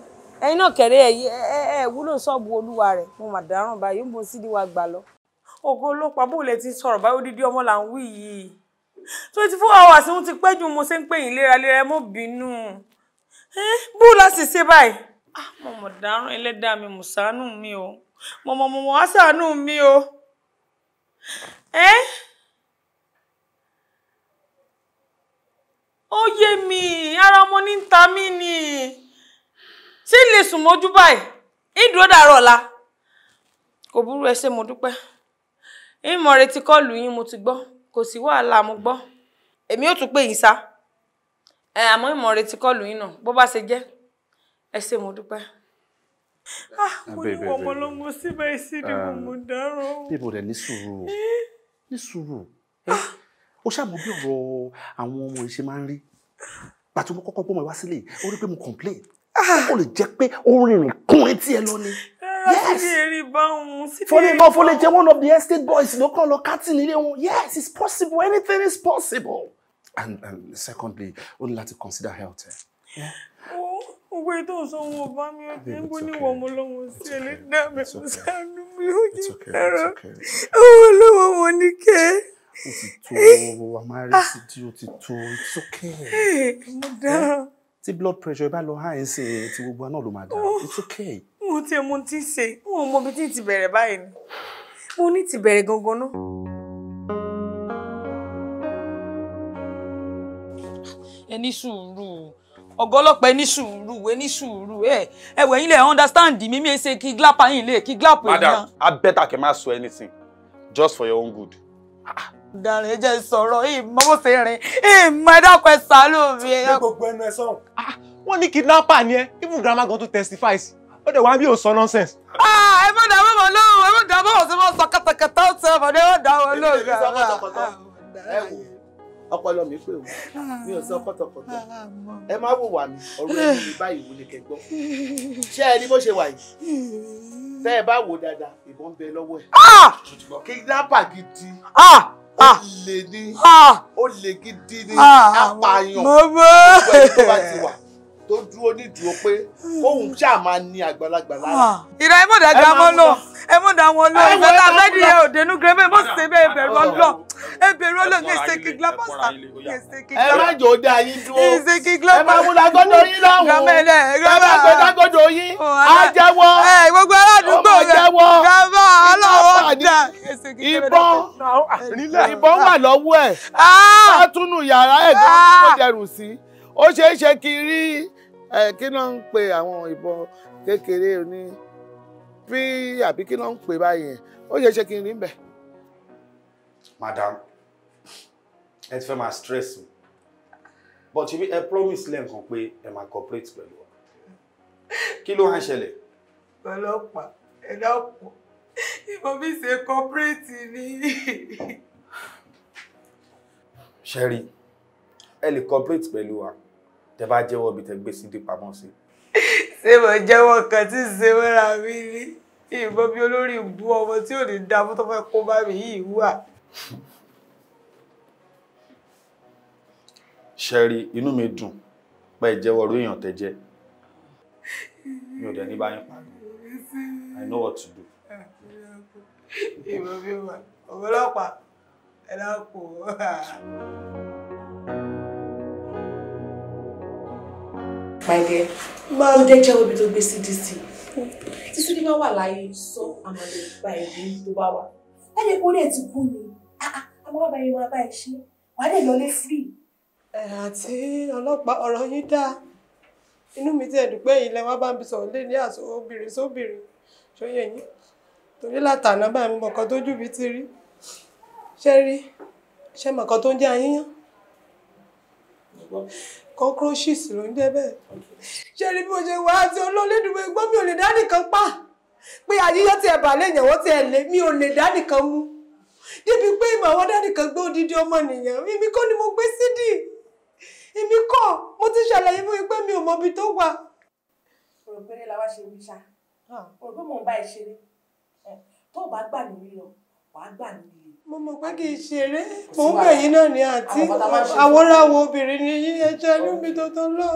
ẹ̀yin náà kẹ̀rẹ́ ẹ̀ wúlò ṣọ́ọ̀bù olúwa rẹ̀ mo mà dáràn báyìí mo sì ní wa gbà lọ ògo ọlọ́pàá bó lẹ ti sọ̀rọ̀ báyìí odidi ọmọ là ń wí yìí twenty four hours ń ti pẹ́ jù mo ṣe ń pè yín léraléra ẹ mọ́ bínú bó la sì ṣe báyìí. Ah, mo mọ̀ dáràn ẹlẹ́dàá mi mo ṣàánú mi o mo mọ̀ mo mọ̀ wá ṣàánú mi o. ó yé mi ara ọmọ ní ta mí ni ṣé lè sùn mọ́jú báyìí ìdúró dàrọ̀ ọ̀la kò burú ẹ ṣé mo dúpẹ́ ìmọ̀ retí kọ́ọ̀lù yín mo ti gbọ́ kò sí wàhálà mo gbọ́ èmi ò tún pè yín sá ẹ àmọ́ ìmọ̀ retí kọ́ọ̀lù yín náà bó bá ṣe jẹ́ ẹ ṣé mo dúpẹ́. Ah, mo ní ọmọ lọ́mọ síbẹ̀ sí ni mo um, mọ̀ dárò. bíbo rẹ̀ ní sùúrù eh? ní sùúrù ó ah! eh? ṣàmọ̀ bí ọ̀rọ̀ àwọn ọmọ ìṣe máa ń rí pàtó mo kọ́kọ́ gbọ́mọ ìwá sílẹ̀ ó rí pé mo complain ah! ó lè jẹ́ pé ó rìnrìn kún etí ẹ lọ ni yes fọlẹ náà for the one of the estate boys no kàn lọ kátìn nílé yes it's possible anything is possible and and secondly o ní to consider health. Yeah gbogbo ètò ìsanwó ọba mi ọtí ń gbó níwọ̀n mo lọ́wọ́ sí ẹlẹ́dá mi kò sánú mi ó yí ẹ̀rọ owó lọ́wọ́ mo ní kẹ́. ó ah. It's okay. It's okay. It's okay. It's okay. It's okay. it's okay. It's okay. It's okay. pressure bá lọ high ń sìn tí gbogbo náà ló máa dára oh. it's okay mo tiẹ̀ mo ti ṣe wọn mọ ibi tí ti bẹ̀rẹ̀ báyìí ni mo ní ti bẹ̀rẹ̀ gangan náà. ẹ sùúrù ọ̀gá ọlọ́pàá ẹ sùúrù ẹ sùúrù ẹ ẹ wẹ̀yìn lẹ̀ understand mi mi ṣe kí glap yín lè kí glap yín náà. madam I better kẹ́ máa sọ anything just for your own good. dàrẹ́ ẹ jẹ́ sọ̀rọ̀ ẹ mọ bó ṣe rìn ẹ mọ ẹ dákun ẹ sá lóore. ṣé gbogbo ẹnu ẹ sọ̀rọ̀. Ah, wọ́n ní kidnapper ni ẹ even grandma gan to testify ó dẹ̀ wá bí òun sọ nonsense. Ah, ẹ má dàbọ̀ wọn lóhùn ẹ má dàbọ̀ wọn sí wọn sọ kàtàkàtà ó sọ ọmọdé wọn dà wọn lóhùn. ẹ wò ọpọlọ mi pé o mi ò sọ kọtọkọtọ ẹ má wò wà mí ọ̀rọ̀ ẹni mi báyìí wò ni kẹgbọn ṣé ẹ rí bó ṣe wà yìí tẹ ẹ bá wò dáadáa ìbọn bẹ lọ́wọ́ ẹ ah! kidnapper gidi ah! ó lè ní ó lè gidi ní apààyàn ìwé tó bá ti wà tó dúró nídùú pé kóun ṣáà máa ní àgbàlagbà lára. Ah, ìrà ẹ mọ̀ dájú àwọn lọ ẹ mọ̀ dáwọn lọ ìfẹ́ tá a fẹ́ di ẹ òdenu gẹ́gẹ́ bẹ́ẹ̀ bó ṣe bẹ́ẹ̀ bẹ̀rù ọlọ ẹ bẹ̀rù ọlọ ní èsè kí glámọ́sà èsè kí glámọ́sà. ẹ má jò ó dá yín dúró èsè kí glámọ́sà ẹ má múra gbọ́dọ̀ yín láwọn gàmẹ́lẹ̀ gàmà ẹ má gbọ́dọ̀ gbọ́dọ̀ yín á jẹ́wọ́ ẹ eh, gbogbo aládùúgbò rẹ gàmà ọlọ́wọ́ dá èsè kí glámọ́sà ìbọn wà lọ́wọ́ ẹ̀ ah! ó ṣeé ṣe kí n rí kí ló ń pe àwọn ìbọn kékeré ní pí àbí kí ló ń pè báyẹn ó ṣeé ṣe kí n rí bẹ̀. madam ẹ ti fẹ́ máa stress mi but ṣe bí ẹ promise lẹ́ǹkan pé ẹ máa cooperate pẹ̀lú wa kí ló wá ń ṣẹlẹ̀. ọlọ́pàá ẹ dákun ìbọn mi ṣe cooperate ni. ṣẹ́rí ẹ lè cooperate pẹ̀lú wa tẹ́ bá jẹ́wọ́ bí tẹ́ gbé sídìí pamọ́ sí. ṣé mo jẹ́wọ́ kan tí ń ṣe mọ́ra mi ní ìbọn bí olórí ìbú ọmọ tí ò ní dá fún tó fẹ́ kó bá mi yìí wà. ṣẹ́rí inú mi dùn pé ìjẹ́wọ́ orí èèyàn tẹ́ jẹ́ mi ò dẹ̀ ní báyìí pàdé I know what to do. ìbọn bí wà ọ̀pọ̀lọpàá ẹ̀ dákun. my dear máa ń dẹ́jẹ́ omi tó gbé sí dc títí ní bá wà láyé sọ àmàlẹ́ gba ìlú tó bá wà láyé kó a ti kú ni àmọ́ ah, ah, bá yẹn máa bá ẹ ṣe wàá free. àti ọlọ́pàá ọ̀rọ̀ yín dáa inú mi ti ẹ̀dùn pé ilẹ̀ wa bá ń bi sọ̀rọ̀ lé ní àṣọ obìnrin sóbìnrin ṣóyè yín torí látàná bá mi mọ̀kàn tó júbi ti rí ṣé rí ṣé mọ̀kàn tó ń jẹ́ ayíyán cockroaches ló ń jẹ́ bẹ́ẹ̀ ṣé rí bí mo ṣe wá àti olólédùnmọ́ ẹgbọ́n mi ò lè dá nìkan pa pé àyíyá tí ẹ bà lẹ́yìn àwọn tí ẹ lé mi ò lè dá nìkan mú débi pé ìmọ̀ àwọn dá gbé odidi ọmọ nìyẹn èmi kọ́ ni mo gbé sídìí èmi kọ́ mo ti ṣàlàyé fún yín pé mi ò mọ ibi tó wà. òròpẹ́rẹ́ la wá ṣe wíṣà òròpẹ́ ah. mò ń bá ẹ ṣeré tó o bá gbà lórí lọ wàá gbà níbi. mo mọ̀ pé kì í ṣeré mò ń gbẹ̀yìn náà ní àǹtí àwòrán àwọn obìnrin ní yíyẹjẹ níbi tó tó lọ.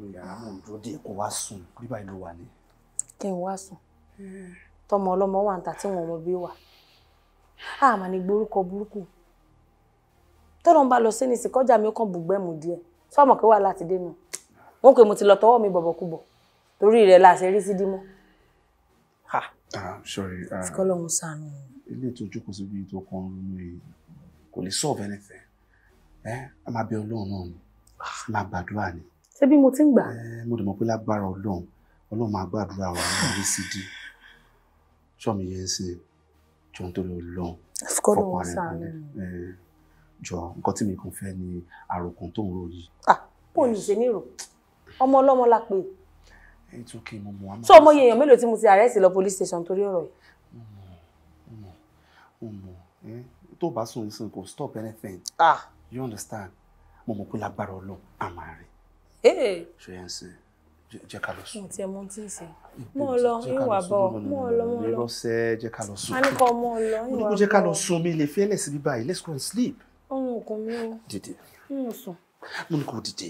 nínú yàrá tọmọ ọlọmọ wà ń ta tí wọn ọmọ bí wà á mà ní gborúkọ burúkú tọ́lọ́ ń bá lọ sí ní ìsìnkọ́jà mi ó kàn bùgbẹ́ mu díẹ̀ fáwọn kí wà láti dé wọn pé mo ti lọ tọwọ́ mi bọ̀bọ̀kúbọ̀ torí rẹ̀ la ṣe rí sí dímú. Ah, ah. kò síbi tó kan ronú ẹ eh? a máa ọlọ́run náà ni ah. a gbàdúrà ni ṣé bí mo ti ń gbà. mo dẹ̀ mọ̀ pé lágbára ọlọ́run ọlọ́run máa gbàdúrà wa lórí sídìí ṣọ́ọ̀mù yẹn ń jọ tó lọ lọ́n fọkàn rẹ̀ balẹ̀ jọ nǹkan tí mi kàn fẹ́ ni àròkùn tó ń rò yìí. Ah, bó o ní ṣe nírò ọmọ ọlọ́mọ la pè é. ètò kí mo mọ sọ ọmọ yẹn èèyàn mélòó tí mo ti àrẹ́sì lọ police station torí ọ̀rọ̀ yìí. mo mọ mo mọ tó bá sùn ní sùn kò stop anything. ah you understand mo mọ̀ pé lágbára ọlọ́run àmà ṣe yẹn sí jẹ́ ká lọ sùn. mo tiẹ̀ mo ti sè mọ́ ọ lọ ìwà bọ̀ mọ́ ọ lọ mọ́ ọ lọ. ìrọsẹ̀ jẹ́ ká lọ sùn. a ní lọ ìwà bọ̀. mo ní ká lọ sùn mi lè fi ẹlẹ́sìn bíbá yìí let's go and sleep. ọrùn òkun mi o. dìde. n ò sùn. mo ní kó dìde.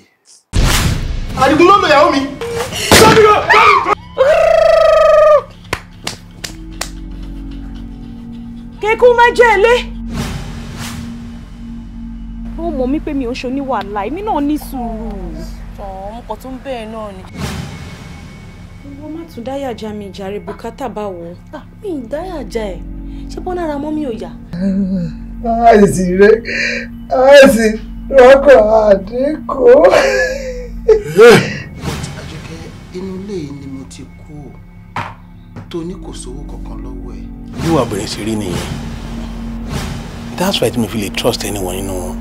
Àdìgún ló lọ ìyàwó mi. Sọ́dúnrún sọ́dúnrún. Kékú má jẹ́ ilé. Ó mọ̀ mí pé mi ò ń ṣe oníwàhálà, èmi náà ní sùúrù kàn mo tún bẹ́ẹ̀ náà ni. ìwọ má tún dáyà mi jàre ah. bùkátà bá wò ah, mi ì dáyà já ṣé bọ́n ara mọ́ mi ò yá. àìsí rẹ àìsí rọkọ àdínkù. àjọkẹ́ inú ilé yìí ni mo ti kú tó ní kò sówó kankan lọ́wọ́ ẹ̀. bí wàá bẹ̀rẹ̀ sí rí nìyẹn that's why mi fi lè trust anyone nínú wọn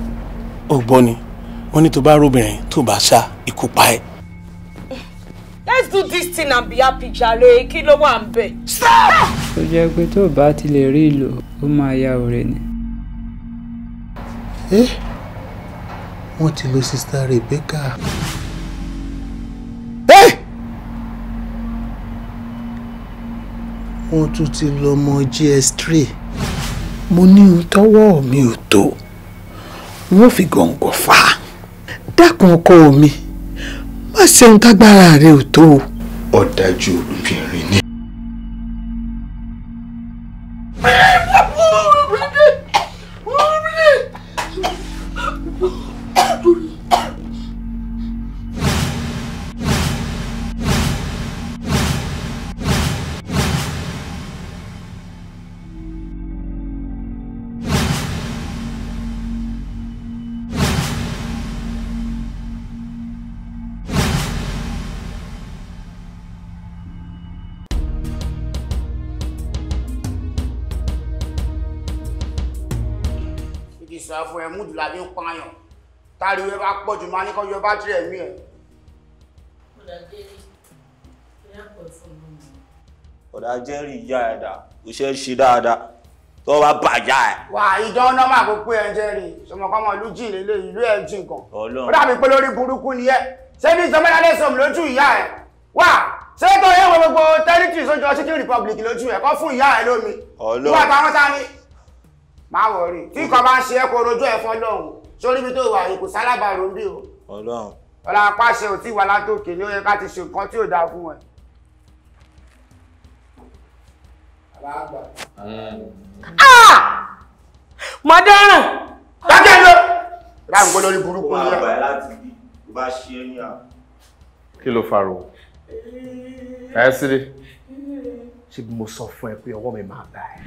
ò gbọ́ ni. You know. oh, wọ́n ní tó bá róbìnrin tó bá ṣá ikú pa ẹ́. let's do this thing and be happy jàre kí ló wà ń bẹ̀. ó jẹ́ pé tó bá ti lè rí ìlò ó máa ya ọ̀rẹ́ ni. ẹ wọ́n ti lo sista Rebecca. wọ́n tún ti lọ mọ GS3 mo ní ohun tọ́wọ́ mi ò tó wọ́n fi gọ̀ǹgọ̀ fà á dákun ọkọ mi má ṣe ohun tágbára rẹ ò tó o. ọ̀dájú olùbíyàn. la fi ń pààyàn táriwo bá pọ̀ jù máa ní kọ́ yọ bátìrì ẹ̀mí ẹ̀. ọ̀dà jẹ́rì ìyá ẹ̀ dà kò ṣe é ṣe dáadáa tó bá bàjá ẹ̀. wà ìdán nọ́mà kó pé ẹ̀ jẹ́rì sọmọkọ́mọ ìlú jìn lélẹ̀ ìlú ẹ̀ jìn kan ó dàbí pé lórí burúkú ni ẹ̀ ṣé ní sọmọdé sọm lójú ìyá ẹ̀ se ṣé tó yẹ wọ gbogbo tẹ́rítì sójú ọṣíjú republic lójú ẹ̀ kọ́ fún ìyá ẹ̀ lómi wà táwọn sáà ní má wọrí tí nǹkan bá ń ṣe ẹkọ rojú ẹ fún Ọlọ́run sórí ibi tó wà yìí kò sálábàárò ń bí o. Ọlọ́run. ọlá apáṣẹ ò tí wà látòkè ni ó yẹ ká ti ṣe nǹkan tí ò dáa fún ẹ. Ah! mọ dáràn. dákẹ́ ló. láàrín gbọ́dọ̀ ní burúkú ni. wàá bá láti bí bá ṣe é ní à. kí ló farò ẹ sílé ṣé bí mo sọ fún ẹ pé ọwọ́ mi máa bá ẹ.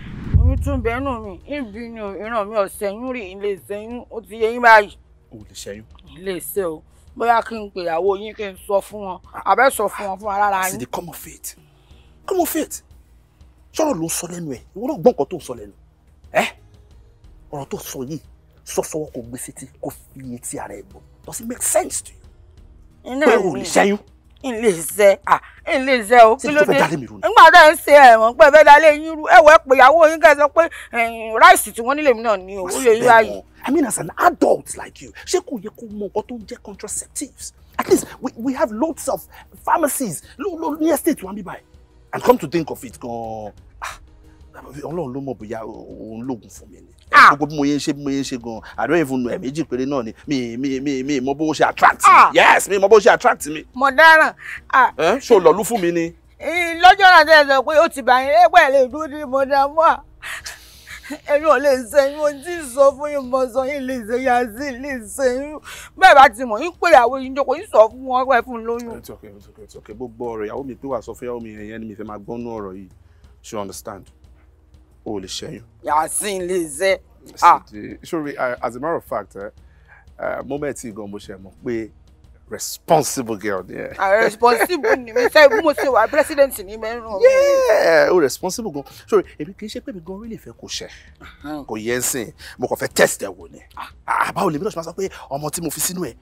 oyún tún bẹ́ẹ̀ nù mí ìbínú ìran mi ọ̀sẹ̀yún rí ilé ìṣẹ́yún ó ti yẹ yín báyìí. o lè ṣẹ́yún. ilé ìṣẹ́ o bóyá kí n pè ìyàwó yín kí n sọ fún wọn àbẹ́ sọ fún wọn fún ara yín. Come of common faith common faith sọ̀rọ̀ ló ń sọ lẹ́nu ẹ̀ ìwọ náà gbọ́ nǹkan tó ń sọ lẹ́nu ẹ̀ ọ̀rọ̀ tó sọ yìí sọ́sọ́wọ́ kò gbé sétí kò fi iye tí ara ẹ̀ bọ̀ does it make sense to you? inú ẹ̀ mi pé o lè ṣẹ́yún n lè ṣe à n lè ṣe o kí ló dé nígbà tá ń ṣe ẹ̀wọ̀n pé ẹ fẹ́ yín rú ẹ̀wọ̀ ẹ ìyàwó yín kẹ́ pé ráìsì tí wọ́n nílé mi náà ni o lè yí ààyè. I mean as an adult like you ṣé kò yẹ kó mọ nǹkan tó ń jẹ́ contraceptives at least we, we have lots of pharmacies ló ló ní estate wọn bí báyìí and come to think of it gan-an ọlọ́run ló mọ̀ bóyá òun lògùn fún mi ni ah! gbogbo bí mo yẹn ṣe bí mo yẹn ṣe gan àdó ìfun nù ẹ̀ méjì péré náà ni mi mi mi mi mọ bó ṣe attract mi ah! yes mi mọ bó ṣe attract mi. mo dáràn. Ah! ṣó lọ́lú fún mi ni. lọ́jọ́ náà tẹ̀lé sọ pé ó ti bá yín ẹgbẹ́ lè dúró ní mo dá mọ́ à ẹnu ò lè ṣẹyìn mo ti sọ fún yín mo sọ yín lè ṣe yá sí lè ṣẹyìn bẹ́ẹ̀ bá ti mọ̀ yín pé ìyàwó yín jókòó yín sọ fún wọn pẹ́ fún lóyún. it's okay it's okay it's okay gbogbo ọ̀rọ̀ ìyàwó mi pé wàá sọ fún ìyàwó mi ẹ̀yẹn ni mi fẹ́ máa gbọ́nú ọ̀rọ̀ yìí she understand o lè ṣẹ́yún. yasin lè zẹ. Ah. sori eh, as a matter of fact eh, eh, moment yìí gan mo ṣe mọ̀ pé responsible girl ni ẹ. Ah, responsible ni mi sẹ́yìn mo ṣe wà president ni mi rún. yeah o responsible gan sori èmi kì í ṣe pé mi gan orí lè fẹ́ kó ṣẹ kò yẹ ń sìn mo kàn fẹ́ test ẹ̀ wò ni àbáwò ah. lèmi náà ṣe máa sọ pé ọmọ tí mo fi sínú ẹ̀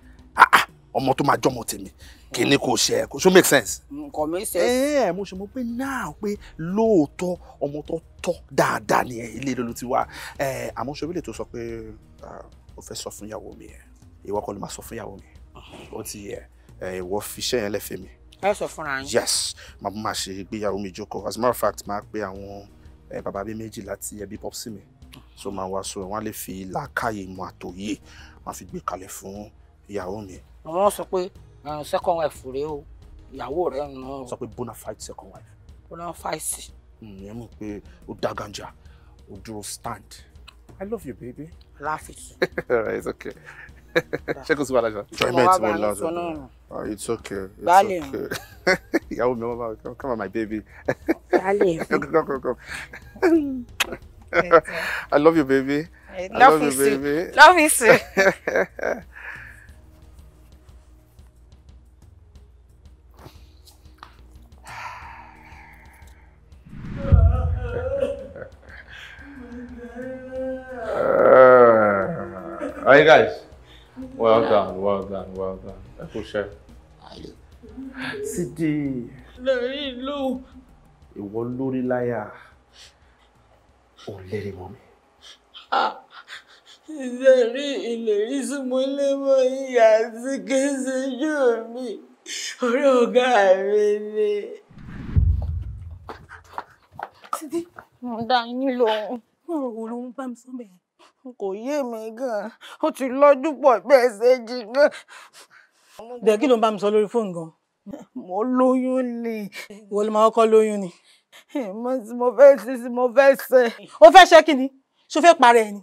ọmọ tó máa jọmọ tèmi kíní kò ṣe kò ṣó make sense. Mm, kò make sense. ẹ eh, ẹ mo ṣe mọ̀ pé náà pé lóòótọ́ ọmọ tó tọ́ dáadáa ni ilé ló ti wá ẹ eh, àmọ́ ṣe wílé tó sọ pé ah, o fẹ́ sọ fún ìyàwó mi ẹ ìwọ kọ́ ló máa sọ fún ìyàwó mi ah. ó ti yẹ ẹ eh, ìwọ fi iṣẹ́ yẹn lẹ́fẹ̀ẹ́ mi. ẹ sọ fúnra yín. yes màá máa ṣe ìgbéyàwó mi jókòó as a matter of fact máa pe àwọn bàbá bíi méjì láti ẹbí pọ́psì mi so máa wá so wọn lè fi làákàyè mu àtòyè wọn fi gbé kalẹ̀ fún ìyàwó mi. àwọn sọ pé Ah, second wife rèé o ìyàwó rẹ̀ ń nà. sọ pé bona fide second wife. bona fide. Hmm, ìyẹn mú pé ó dá gànjà ó dúró stand i love you baby. laugh it. it's okay ṣé sí wàhálà ṣá. jọ́ìmẹ̀ mo lọ sọ oh, it's okay it's Bale. mi ọmọ bá come on my baby. baálé come come come. i love you baby. i love, you baby. love you too. All right, guys. Well done, well done, well done. Ẹ kú iṣẹ́. Sídì. Lórí ìlú. Ìwọ lórí láyà. Ò lérí mọ́ mi. Ìlérí ah, ìlérí sí mo lé mọ́ ìyá àti kése jù mí. Orí ọ̀gá mi ni. Sídì, mo dá yín lóhùn. Mo rò wò ló ń bá mi sọ́bẹ̀ yẹn kò yé mi gan-an ó ti lọ́dún pọ̀ bẹ́ẹ̀ ṣe jí gan. bẹ́ẹ̀ kí ló ń bá mi sọ lórí fóònù gan. mo lóyún ni. ìwọ ló máa kọ́kọ́ lóyún ni. mo ti mo fẹ́ ṣe ti mo fẹ́ ṣe. ó fẹ́ ṣe kí ni ṣó fẹ́ parẹ́ ẹ ni.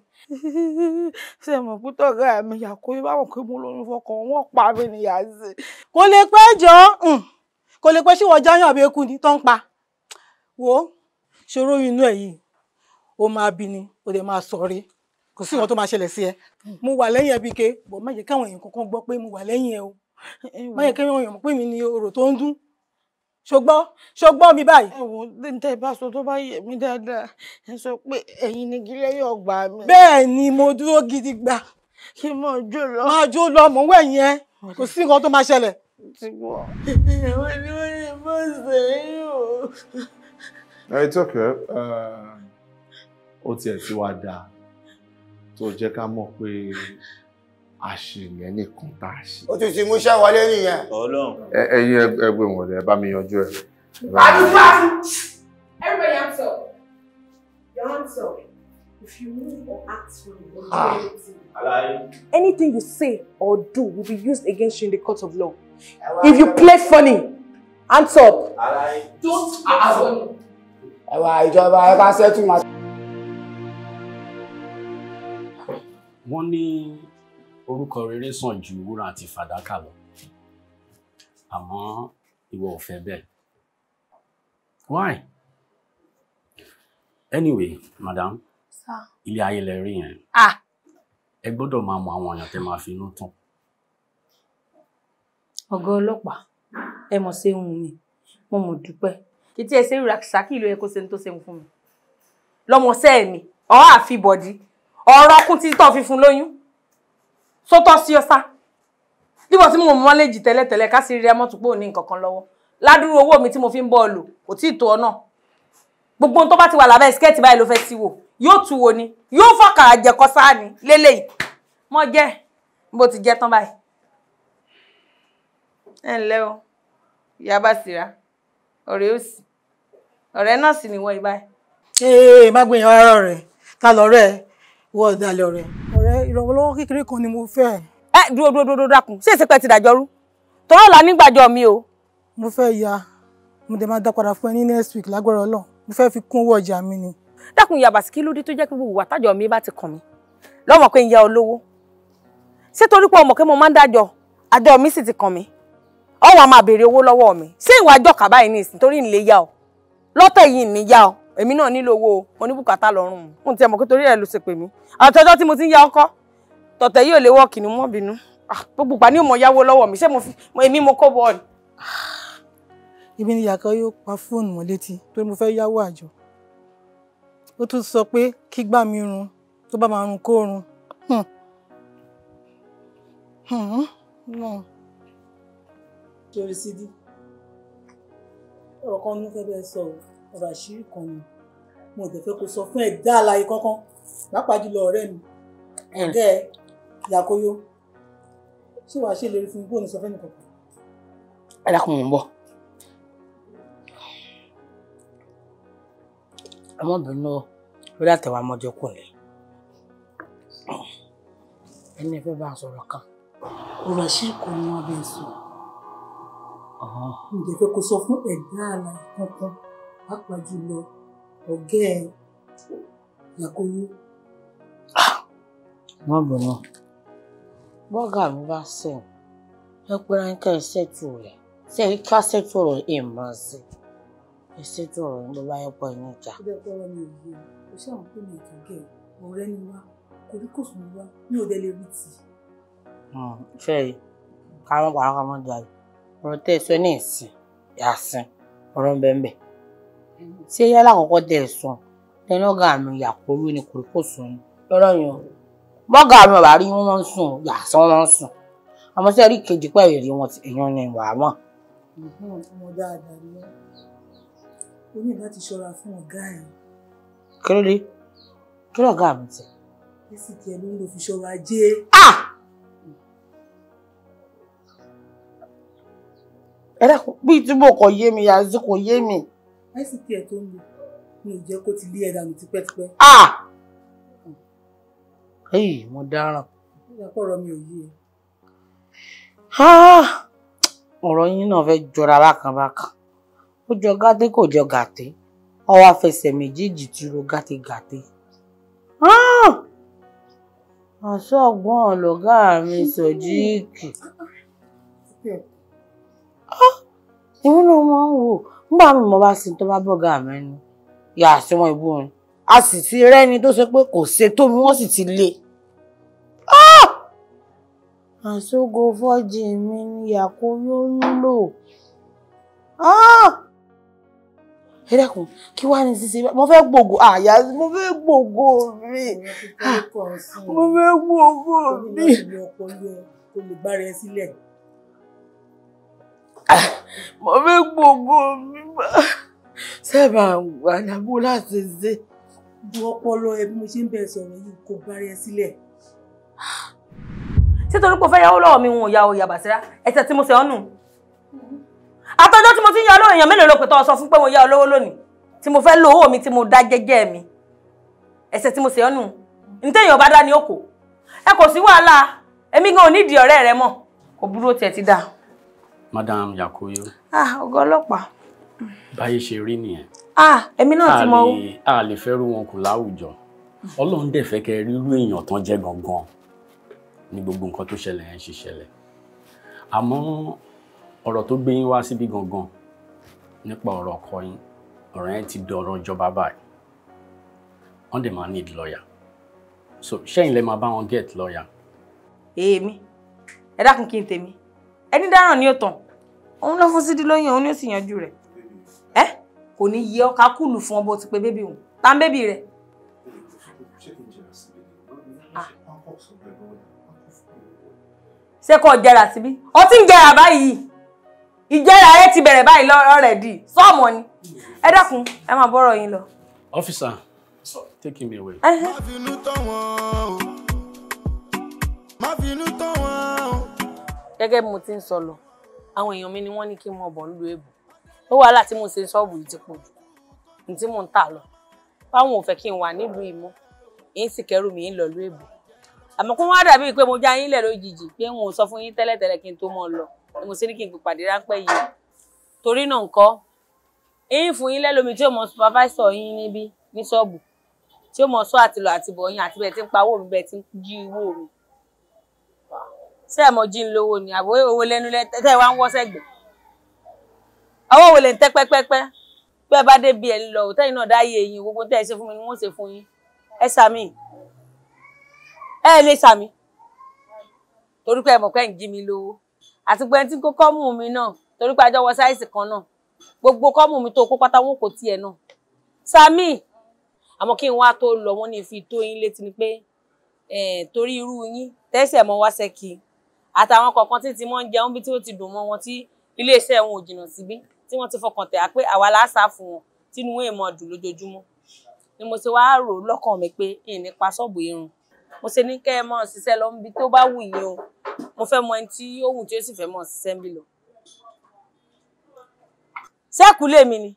ṣé mo kú tọ́gá mi yàkó báwọn kí mo lóyún fọkàn wọn pa mi nìyà sí. kò lè pẹ́ jọ kò lè pẹ́ sí wọ́n jáyàn àbí eku ni tó ń pa wo ṣòro inú ẹ̀ yìí ó máa bí ni ó dẹ̀ máa sọ̀rí kò sí ìwọ̀n tó máa ṣẹlẹ̀ sí ẹ mo wà lẹ́yìn ẹbí ke bọ̀ má jẹ́ káwọn èèyàn kankan gbọ́ pé mo wà lẹ́yìn ẹ o má jẹ́ káwọn èèyàn pé mi ni ọ̀rọ̀ tó ń dún ṣogbọ́ ṣogbọ́ mi báyìí. ẹ wo níta ìbá sọ tó bá yẹ mí dáadáa ẹ sọ pé ẹ̀yin ni gílẹ̀ yóò gbà mí. bẹ́ẹ̀ ni mo dúró gidi gbà. kí mo jó lọ. máa jó lọ mò ń wẹ̀ yẹn kò sí nǹkan tó máa ṣẹlẹ̀. it's okay. Uh, ó tiẹ̀ ti wá dáa tó jẹ́ ká mọ̀ pé àṣìyẹn nìkan tá a ṣe. ó ti ti múṣẹ́ wọlé nìyẹn. Ọlọ́run. ẹ̀yin ẹgbẹ́ ìwọ̀n ẹ bá mi yanjú ẹ. àdúgbò everybody hands up your hands if you move or act wrong ah. anything. anything you say or do will be used against you in the court of law if you play funny hands up. don't play ah, ah. funny. ẹ̀wà ìjọba ẹ bá ṣẹ́tù máa. wọ́n ní orúkọ rere sàn ju wúrà àti fàdákà lọ àmọ́ ìwọ ò fẹ́ bẹ́ẹ̀ why anyway madam ilé ayé lẹ rí yẹn ẹ gbọ́dọ̀ máa mọ àwọn èèyàn tẹ́ máa fi inú tán. ọ̀gá ọlọ́pàá ẹ mọ̀ sí ohun mi mo mọ̀ dúpẹ́ kí tí ẹ ṣe ń ra ṣákì ló yẹ kó ṣe ń tó ṣe fún mi lọ́mọ sẹ́ẹ̀ mi ọ̀hún àfi bọ̀dí ọ̀rọ̀ kún títí tó fi fún lóyún sótọ́ sí ọ̀sá dípò tí mo mọ léjì tẹ́lẹ̀tẹ́lẹ̀ ká sì rí ẹmọ́ tó pé òní nǹkan kan lọ́wọ́ ládùúrú owó mi tí mo fi ń bọ́ọ̀lù kò tí ì tó ọ náà gbogbo ohun tó bá ti wà lábẹ́ skẹ́ẹ̀tì báyìí ló fẹ́ ti wò yóò tu wo ni yóò fọkà àjẹkọ sáà ni lélẹ́yìí mọ́ jẹ́ bó ti jẹ́ tán báyìí ẹ ǹlẹ́ o ìyá bá sì ọ̀rẹ́ ó sì ọ̀rẹ́ náà sì nìwọ ìbáyìí. ee má gbìyànjú ara rẹ̀ ta lọ́rẹ́ ẹ wọ ọ̀dàlẹ̀ ọ̀rẹ́ ọ̀rẹ́ ìrànlọ́wọ́ kékeré kan ni mo fẹ́. ẹ dúró dúró dúró dákun ṣé ìsìnkú ẹ ti dàjọ rú tọrọ là nígbàjọ mi o. mo fẹ́ ya mo dẹ̀ máa dá padà fún ẹ ní next week lágbára Ọlọ́run mo fẹ́ fi kún owó ọjà mi ni. dákun ìyá Basiki ló dé tó jẹ́ pé gbogbo àtàjọ mi bá ti kàn mí lọ́mọ pé ń ya olówó ṣé torí pé ọmọ pé mo máa ń dájọ àjọ mi sì ti kàn mí ọ̀hún a máa béèrè owó lọ́wọ́ mi ṣé ìwà àjọkà báyìí ní ìsìn torí ń lè ya ọ lọ́tọ̀ yìí ń ní ya ọ èmi náà nílò owó oníbùkátà lọ́rùn mo ti ẹ̀ mọ̀ pé torí ẹ̀ ló ṣe pè mí àtọ́jọ́ tí mo ti ń ya ọkọ́ tọ̀tẹ̀ yóò lè wọ́ọ̀kì ní mọ́ bínú ah, gbogbo ìgbà ní mo mọ̀ yáwó lọ́wọ́ mi ṣé èmi mo kó bọ́ọ̀lù. ibi ni ah, yàkọ́ yóò pa fóònù mọ́ létí torí mo fẹ́ yáwó àjọ ó tún sọ pé kí gbà mí run tó bá máa run kó run. torí hmm. hmm. sídìí ọ̀rọ̀ kan ní fẹ́ bẹ́ẹ̀ sọ̀rọ̀ ọ̀rọ̀ àṣírí kan ni mo ò dẹ̀ fẹ́ kó sọ fún ẹ̀dá alààyè kankan pàápàá jùlọ ọ̀rẹ́ mi eh. ọ̀gá ẹ̀ yàkóyó ṣé wàá ṣe ìlérí fún mi bóun ní sọ fẹ́ni kankan. ẹ dákun mò ń bọ̀ ọmọbìnrin náà lórí àtẹ̀wá mọ́jọ́ kù ni ẹni ẹ fẹ́ bá a sọ̀rọ̀ kan ọ̀rọ̀ àṣírí kan ni wọ́n bẹ̀ sùn ǹjẹ́ fẹ́ kó sọ fún ẹ̀dá alààyè kankan pàápàá jùlọ ọ̀gá ẹ̀ Yakubu. wọ́n bọ̀ náà bọ́gà mi bá sẹ̀ ẹ pé ránkà ẹ ṣètò rẹ̀ ṣe é ká ṣètò rẹ̀ ẹ̀ máa ṣe ẹ ṣètò rẹ̀ ló bá yẹ pọ̀ ìjà. ó bẹ́ẹ̀ bọ́lá mi ò yé o ṣé àwọn pé mi ò kàn gẹ̀ ọ̀rẹ́ ni wá kòríkòsùn ni wá mi ò délé rí tì í hmm, fẹ́ yìí káwọn pàápàá mọ́ jà yìí ọ̀rọ̀ tẹ́ ẹ sọ ní ìsìn yàsìn ọ̀rọ̀ ń bẹ́ẹ̀ bẹ́ẹ̀ ṣé yálà àkọ́kọ́ tẹ̀ sùn tẹnọ́gà mi yàkóró ni kò kò sùn lọ́rọ̀ yẹn mọ́gà mi bàbá rí wọn máa ń sùn yàtọ̀ wọn máa ń sùn àmọ́ sẹ́rí kejì pẹ̀lú èrè wọn èèyàn ni ìwà wọn. kí ló dé kí lọ́gà mi tẹ̀. èsì tiẹ̀ ló ń lò fi ṣọ́ra ajé. ẹ dákun bí tí mo kọ yé mi yàtọ̀ kò yé mi àìsàn kí ẹ tó ń lò mi ò jẹ́ kó ti lé ẹ dànù tipẹ́tipẹ́. ẹyì ah! ah! mo dáràn. ìyàpọ̀ ọ̀rọ̀ mi ò yé e. ọ̀rọ̀ yín náà fẹ́ jọra bákanbákan ó jọ gàté kò jọ gàté ọwọ́ afẹsẹ̀ méjèèjì dúró gàtégàté. àṣọgbọ́n lọ̀gá mi sọ̀jíìkì. ìwúlò máa ń wò nígbà mi mo bá sin tó bá bọ̀gá mẹ́nu yà sí wọn ìbú mi a sì ti rẹ́ni tó ṣe pé kò ṣe tó mi wọ́n sì ti le. Ah! àṣogo fọ́jì mi ni yàkó yóò ń lò. ẹ dẹ́kun kí wàá ní sísè mo fẹ́ gbògo àyà mo fẹ́ gbògo mi ah! mo fẹ́ gbògo mi mo fẹ́ gbogbo mi bá sẹ́ẹ̀bà àyàbò láti ṣe. bu ọpọlọ ẹ bí mo ṣe ń bẹ sọ̀rọ̀ yìí kò bá rẹ sílẹ̀. ṣé torí pé o fẹ́ yáwó lọ́wọ́ mi wọn ò yá o yàbà síra ẹ̀sẹ̀ tí mo ṣe ọ́nù. àtọ́jọ́ tí mo ti ń yá olówó èèyàn mélòó ló pè tó sọ fún pé mo yá olówó lónìí tí mo fẹ́ lo owó mi tí mo dá jẹ́jẹ́ mi ẹ̀sẹ̀ tí mo ṣe ọ́nù ntẹ́yìn ọba dá ní òkò ẹ kò sí wàhálà èmi gan ò nídìí ọ̀rẹ́ rẹ mọ̀ kò burú tiẹ̀ ti dáa madam Yakuyo ah ọ̀gá ọlọ́pàá. báyé ṣe rí nìyẹn. ah èmi náà ti mọ. a lè fẹ́rù wọn kù láwùjọ ọlọ́run dẹ̀ fẹ́ kẹ́ rírú èèyàn tán jẹ́ gangan ní gbogbo nǹkan tó ṣẹlẹ̀ yẹn ṣe ṣẹlẹ̀ àmọ́ ọ̀rọ̀ tó gbé yín wá síbi gangan nípa ọ̀rọ̀ ọkọ yín ọ̀rọ̀ yẹn ti dọ̀rọ̀ ìjọba báyìí wọ́n dẹ̀ máa need lawyer so ṣẹ́yìn lẹ́ máa bá wọn get lawyer. èmi ẹ dákun kí n tèmi ẹni dáràn ní òtàn òun ló fún di lóyún òun ni ó sì yanjú rẹ̀ ẹ kò ní yẹ ọkà kùlù fún ọbọ ti pé bébì òun ta ń bébì rẹ̀. ṣé kò jẹrà síbí ọtí ń jẹrà báyìí ìjẹrà rẹ ti bẹ̀rẹ̀ báyìí lọ́rẹ̀ dì sọ́ọ̀mù ni ẹ dákun ẹ máa bọ́rọ̀ yín lọ. ọ́fíìsà take me away. gẹ́gẹ́ bí mo ti ń sọ lọ àwọn èèyàn mi ni wọ́n ní kí n mọ ọbọ̀ nílùú èbò ó wàhálà tí mo ṣe ṣọ́ọ̀bù yìí ti pọ̀ jù ní tí mò ń tà lọ báwọn ò fẹ́ kí n wà nílùú ìmọ̀ èyí sì kẹrù mi ń lọ lú èbò àmọ́ kó wá dàbí pé mo já yín lẹ̀ lójijì pé n ò sọ fún yín tẹ́lẹ̀tẹ́lẹ̀ kí n tó mọ̀ lọ ni mo ṣe ní kí n pèpàdé ráńpẹ́ yìí torí náà ńkọ́ èyí fún yín lẹ́lómi tí ó mọ supervisor yín níbí ní ṣọ́ọ̀bù tí ó mọ sọ àtìlọ àtìbọ̀ yín àti bẹ́ẹ̀ tí ń pa mi bẹ́ẹ̀ tí ń jí owó mi ṣé ẹ mọ jí ń lówó ni àbò owó lẹ́nu tẹ wá ń wọ sẹgbẹ ọwọ́ wo lè ń tẹ pẹpẹpẹ bẹ́ẹ̀ bá dé bí ẹ ń lọ òtẹ́yìn náà dáyé eyín gbogbo tẹ́ ẹ ṣe fún mi ni wọ́n ṣe fún yín ẹ sàmì ẹ lè sàmì torí pé ẹ mọ̀ pé ń jí mi lówó àti pé ẹni tí kò kọ́mù mi náà torí pé àjọwọ́ sáìsì kan náà gbogbo kọ́mù mi tó kó pátá wọn kò tiẹ̀ náà sàmì àmọ́ kí n wá tó lọ wọ́n ní fi tó yín létí ni pé torí irú yín tẹ́sẹ̀ mọ́ wá ṣẹ́kì àtàwọn kọ̀ọ̀kan tí ti mọ́ ń jẹun bí tí ó ti dùn mọ́ wọn tí iléeṣẹ́ wọn ò jìnnà síbí tí wọ́n ti fọkàn tẹ̀ á pé àwa la sá fún wọn tínú wọn èèmọ̀ dùn lójoojúmọ́ ni mo ti wáá rò lọ́kàn mi pé èyí nípa ṣọ́ọ̀bù irun mo ṣe ní kẹ́ ẹ mọ̀ ṣiṣẹ́ lọ níbi tó bá wù yín o mo fẹ́ mọ ẹni tí ó wù tí ó sì fẹ́ mọ̀ ṣiṣẹ́ ń bí lọ. sẹ́ẹ̀kù lèmi ni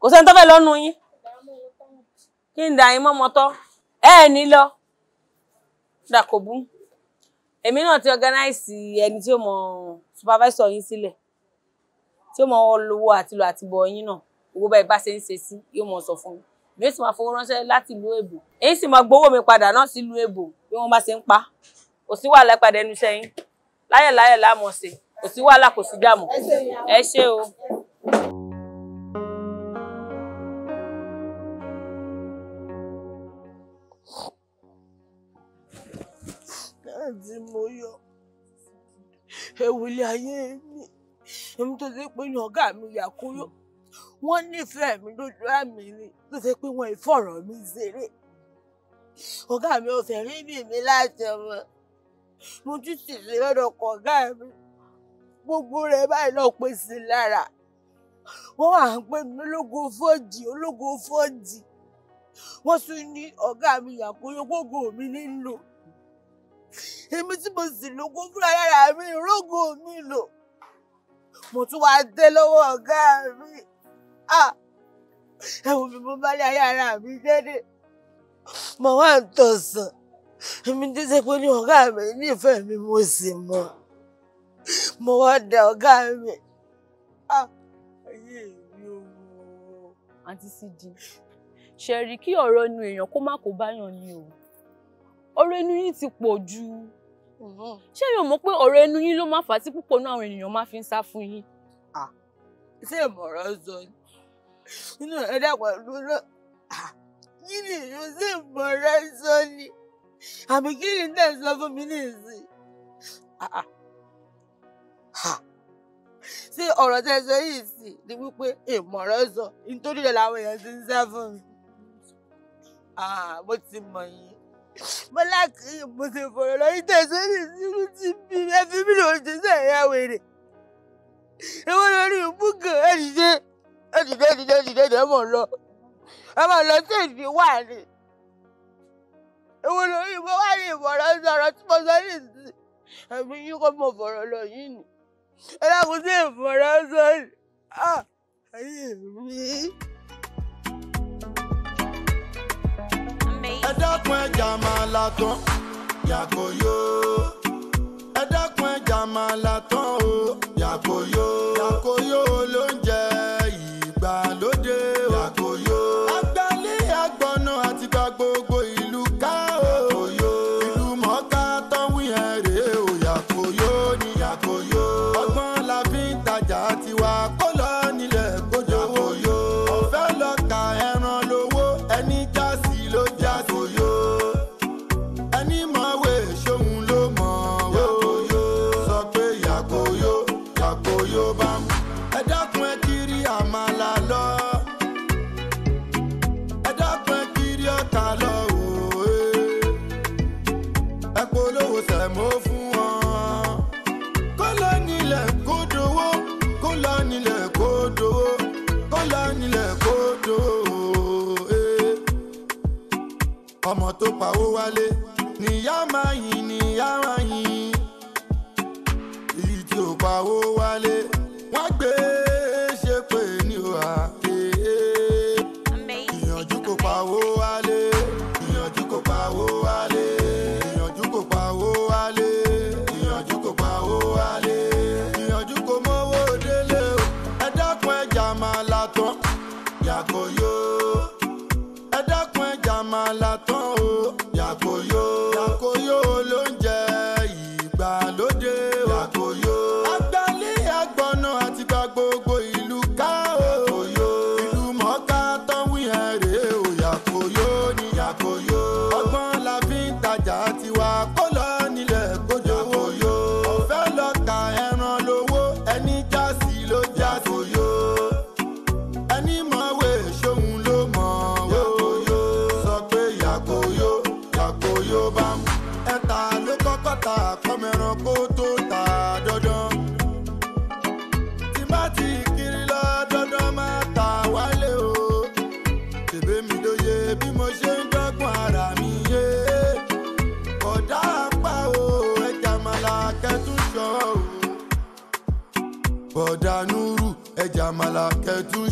kò sẹ́ni tó fẹ́ lọ́nu yín kí n dà yín mọ́mọ́tọ́ ẹ̀ ní lọ dà kò bú èmi náà ti organize ẹni tí ó mọ supervisor yín sílẹ̀ tí ó mọ olówó àti lọ àti bọ̀ yín náà owó báyìí bá ṣe ń ṣe sí yóò mọ sọ fún mi mi ó sì máa fowó ránṣẹ́ láti ìlú èbò èyí sì máa gbowó mi padà náà sí ìlú èbò bí wọ́n bá ṣe ń pa kò sí wàhálà ìpàdé ẹnu iṣẹ́ yín láyẹ̀ láyẹ̀ láàmọ̀ ṣe kò sí wàhálà kò sí dààmú ẹ ṣé o. àǹtí mo yọ ewu ilé ayé mi èmi tó ṣe pé yan ọ̀gá mi yà kúrò wọ́n nífẹ̀ẹ́ mi lójú àmì ni tó ṣe pé wọ́n ìfọ̀rọ̀ mi ṣeré ọ̀gá mi ò fẹ́ rí bì mí láti ọmọ mo tún sì ṣe lọ́dọ̀ kọ̀ ọ̀gá mi gbogbo rẹ̀ báyìí lọ pé sí lára wọ́n wà ń pè mí ológo fọ́ọ̀dì ológo fọ́ọ̀dì wọ́n tún ní ọ̀gá mi yà kúrò gbogbo mi nílò èmi tí mo sì lóko fúnra lára mi ìrógò mi lò mo tún wá dé lọ́wọ́ ọ̀gá mi ẹ̀wọ̀n mi mo bá lé ayé ara mi dédé mo wá ń tọ̀sán èmi tí ṣe pé ní ọ̀gá mi nífẹ̀ẹ́ mi mo sì mọ̀ mo wá dé ọ̀gá mi. ayé mi ò wò ó. àǹtí Sídì ṣe rí kí ọ̀rọ̀ nu èèyàn kó má kó báyàn ni o ọ̀rọ̀ ẹnu yín ti pọ̀ jù mm-hmm. ṣé èèyàn mọ̀ pé ọ̀rọ̀ ẹnu yín ló máa fà á tí púpọ̀ náà àwọn ènìyàn máa fi ń sá fún yín. ṣé ìmọ̀ràn sọ ni inú ẹ̀ dàpọ̀ lọ́lọ́ kí ni ìyún sí ìmọ̀ràn sọ ni àbí kí ni tẹ̀ sọ fún mi nìyí. ṣé ọ̀rọ̀ tẹ̀ sọ yìí sì ni wípé ìmọ̀ràn sọ nítorí rẹ̀ làwọn èèyàn ti ń sá fún mi. mo ti mọ̀ yín bọ́lá kìí mo ṣe fọ̀rọ̀ lọ yín tẹ̀sán ní sínú ti bí ẹ fi mí lòún ṣe sẹ́ ẹ̀yà wèrè ewé lórí ìbú kan ẹ dìde ẹ dìde ẹ dìde ẹ dìde ẹ mọ̀ lọ ẹ mọ̀ lọ sí èdè wà ní ewé lórí ìbú wà ní ìmọ̀ràn sọ̀rọ̀ tí mo sọ ní ìsìn ẹ̀mí yín kó mo fọ̀rọ̀ lọ yín ni ẹ dákun sí ìmọ̀ràn sọ̀rọ̀ ah ẹ̀yìn mi. ẹ dákun ẹja máa la tán yàgò yó ẹ dákun ẹja máa la tán o yàgò yó yàgò yó. ilẹ̀ mo fún wọn. kó lọ nílẹ̀ kó dowó kó lọ nílẹ̀ kó dowó kó lọ nílẹ̀ kó dowó. Eh. ọmọ tó pawó wálé níyá máa yìn níyá máa yìn. èyí ò pawó wálé wọ́n gbé.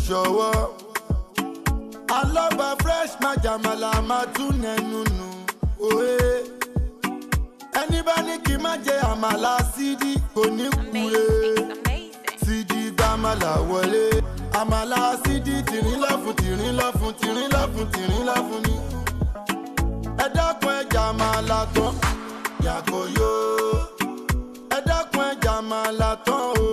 ṣọwọ́ alọ́ba fresh májàmálà máa tún nẹnu nù òye ẹni bá ní kí n má jẹ àmàlà sídì kò ní kúre sídì gbàmàlà wọlé àmàlà sídì tìrínlọ́fun tìrínlọ́fun tìrínlọ́fun tìrínlọ́fun ni ẹ dákun ẹja àmàlà tán yàgò yó ẹ dákun ẹja àmàlà tán o.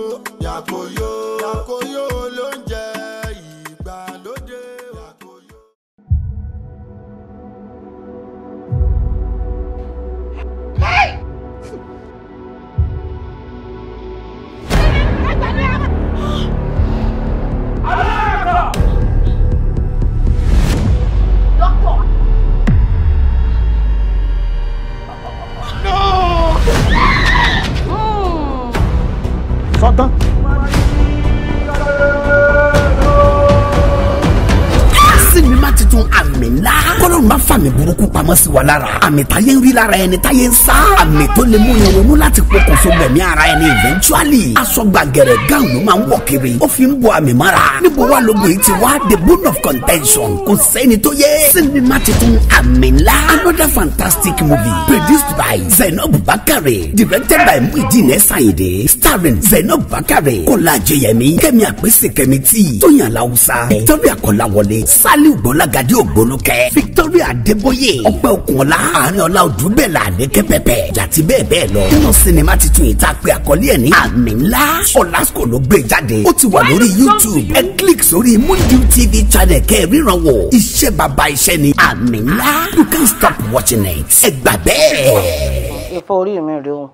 me now. ọlọ́run bá fàmì burúkú pamọ́ sí wa lára àmì táyé ń rí lára ẹni táyé ń sá àmì tó lè mú yẹn ronú láti pokùnso gbẹ̀mí ara ẹni eventually aṣọ gbàgẹ̀rẹ̀ gáwọn ló máa ń wọ̀ kiri ó fi ń bo àmì mara níbo wà lóògùn yìí ti wá the bone of contention kò sẹ́ni tó yẹ sinima titun àmì ńlá another fantastic movie produced by zainab bakare directed by muidine sayide starring zainab bakare kọ́lá jẹyẹmí kẹ́mi àpèsè kẹ́mi tí tóyàn lawusa victoria kọ́láwọlé saliu gbọ́lágadé ògbólókẹ́ victor olórí adébóyè ọpẹ́ òkùnọlá àárín ọlá òdùbẹlà àníkẹ́ pẹpẹ jàti bẹ́ẹ̀ bẹ́ẹ̀ lọ nínú sinimá titun yìí tá a pè àkọlé ẹ̀ ní àmì ńlá ọlásùkò ló gbé e jáde ó ti wà lórí youtube ẹ click sórí moondew tv channel kẹ́ ríran wò iṣẹ́ baba iṣẹ́ ni àmì ńlá you can't stop watching it ẹ gbà bẹ́ẹ̀. ìfọ orí mi rè o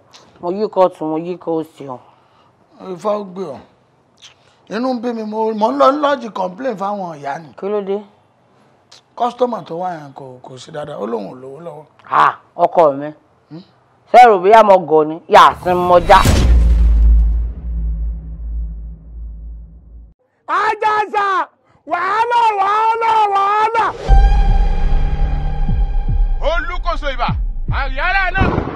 mo yí kọ́ tún mo yí kọ́ òsì o. ìfọ gbé ọ inú bí mi mo ń lọ lọ́ọ̀jì complain fáwọn ìyá ni. kí ló dé? kọ́sítọ́mà tó wáyà kò kò sí dáadáa ó lóun ò lówó lọ́wọ́. ọkọ mi sẹ́rù hmm? bóyá mo gọ̀ ni yàtún mọ́já. ajáṣà wàhálà wàhálà wàhálà. olùkóso ibà àríyàrá náà.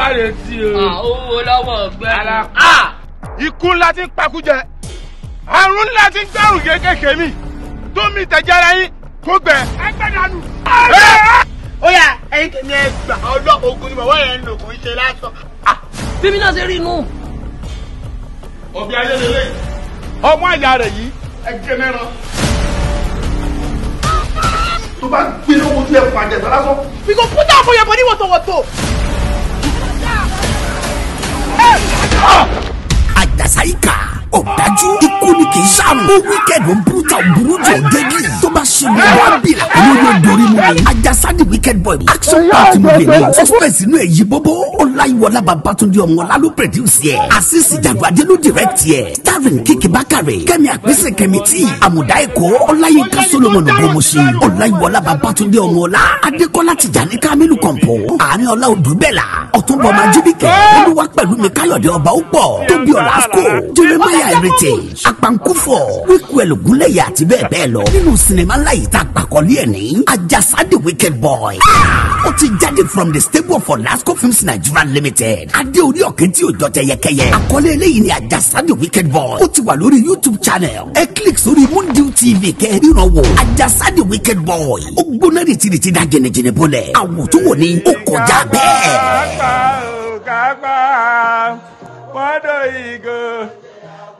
má lè ti o. Ah, owó lọ́wọ́ ọ̀gbẹ́ni. Ah! ikú ńlá ti ń pakújẹ àrùn ńlá ti ń gbẹrùn kékèké mi tó mi tẹ̀jára yín kó gbẹ. ẹgbẹ́ dànù. ó yá ẹyin tèmi ẹ gbà ọlọ́pàá ogun ni bàbá yẹn ń lò kó ṣe lásán. Ah! bíbí náà ṣe rí inú. ọbẹ̀ ayé ọmọ àyà rẹ̀ yìí ẹ jẹ mẹ́ran. tó bá gbé lówó tó yẹ fún àjẹsára sọ. we go put am for your body wọ̀tọ̀wọ̀tọ̀. àjàsáyíkà ọ̀dájú ikú ni kì í sáàmù ó wíkẹ́ẹ̀dì ó bú kúrúta burú jọ gẹ́gí tó bá ṣe gbogbo abira ló yóò dorí mu ni ajásádì wicked boy action party mu lè ní suspense inú ẹ̀ yí bóbó ọláyíwọlá babatunde ọmọlá ló produce yẹ àṣìṣì jàgbádé ló direct yẹ starring kìkì bákàrẹ̀ kẹ́mi àpèsè kẹ́mi tí àmùdá ẹ̀kọ́ ọláyínká solomon ogomosi ọláyíwọlá babatunde ọmọlá adékọ́lá tìjàní kamilu kọ̀ǹpọ̀ àárín ọlá odùbẹ̀là ọ̀túnbọ̀ majibike olúwa pẹ̀lú mi káyọ̀dé ọba ó pọ̀ tóbi ọ̀làkó jeremiah heritage apankufo wíkú ẹ̀lùgúnlẹ̀ ẹlẹ́yà àti bẹ́ẹ̀ bẹ́ẹ̀ lọ nínú sinimá ńlá yìí tá a gbàkọ́lé ẹ̀ ní Ajasa the wicked boy ó ti jáde from the stable for Lasco Films Nigeria Limited adé orí ọ̀kẹ́ tí ò jọ yẹkẹyẹ àkọlé eléyìí ni Ajasa wicked boy ó ti wà lórí YouTube channel ẹ click sórí Moondew TV kẹ́ ẹ ríran wò wicked boy ó gbóná rìtìrìtì dá jẹnẹjẹnẹ bọ́lẹ̀ àwòtún wò ni ó kọjá bẹ́ẹ̀. mọ́tò ìgò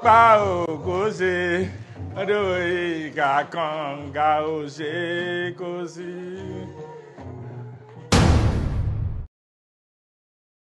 pa òkú sí i odò ìkà kànga ò ṣe é kó sí.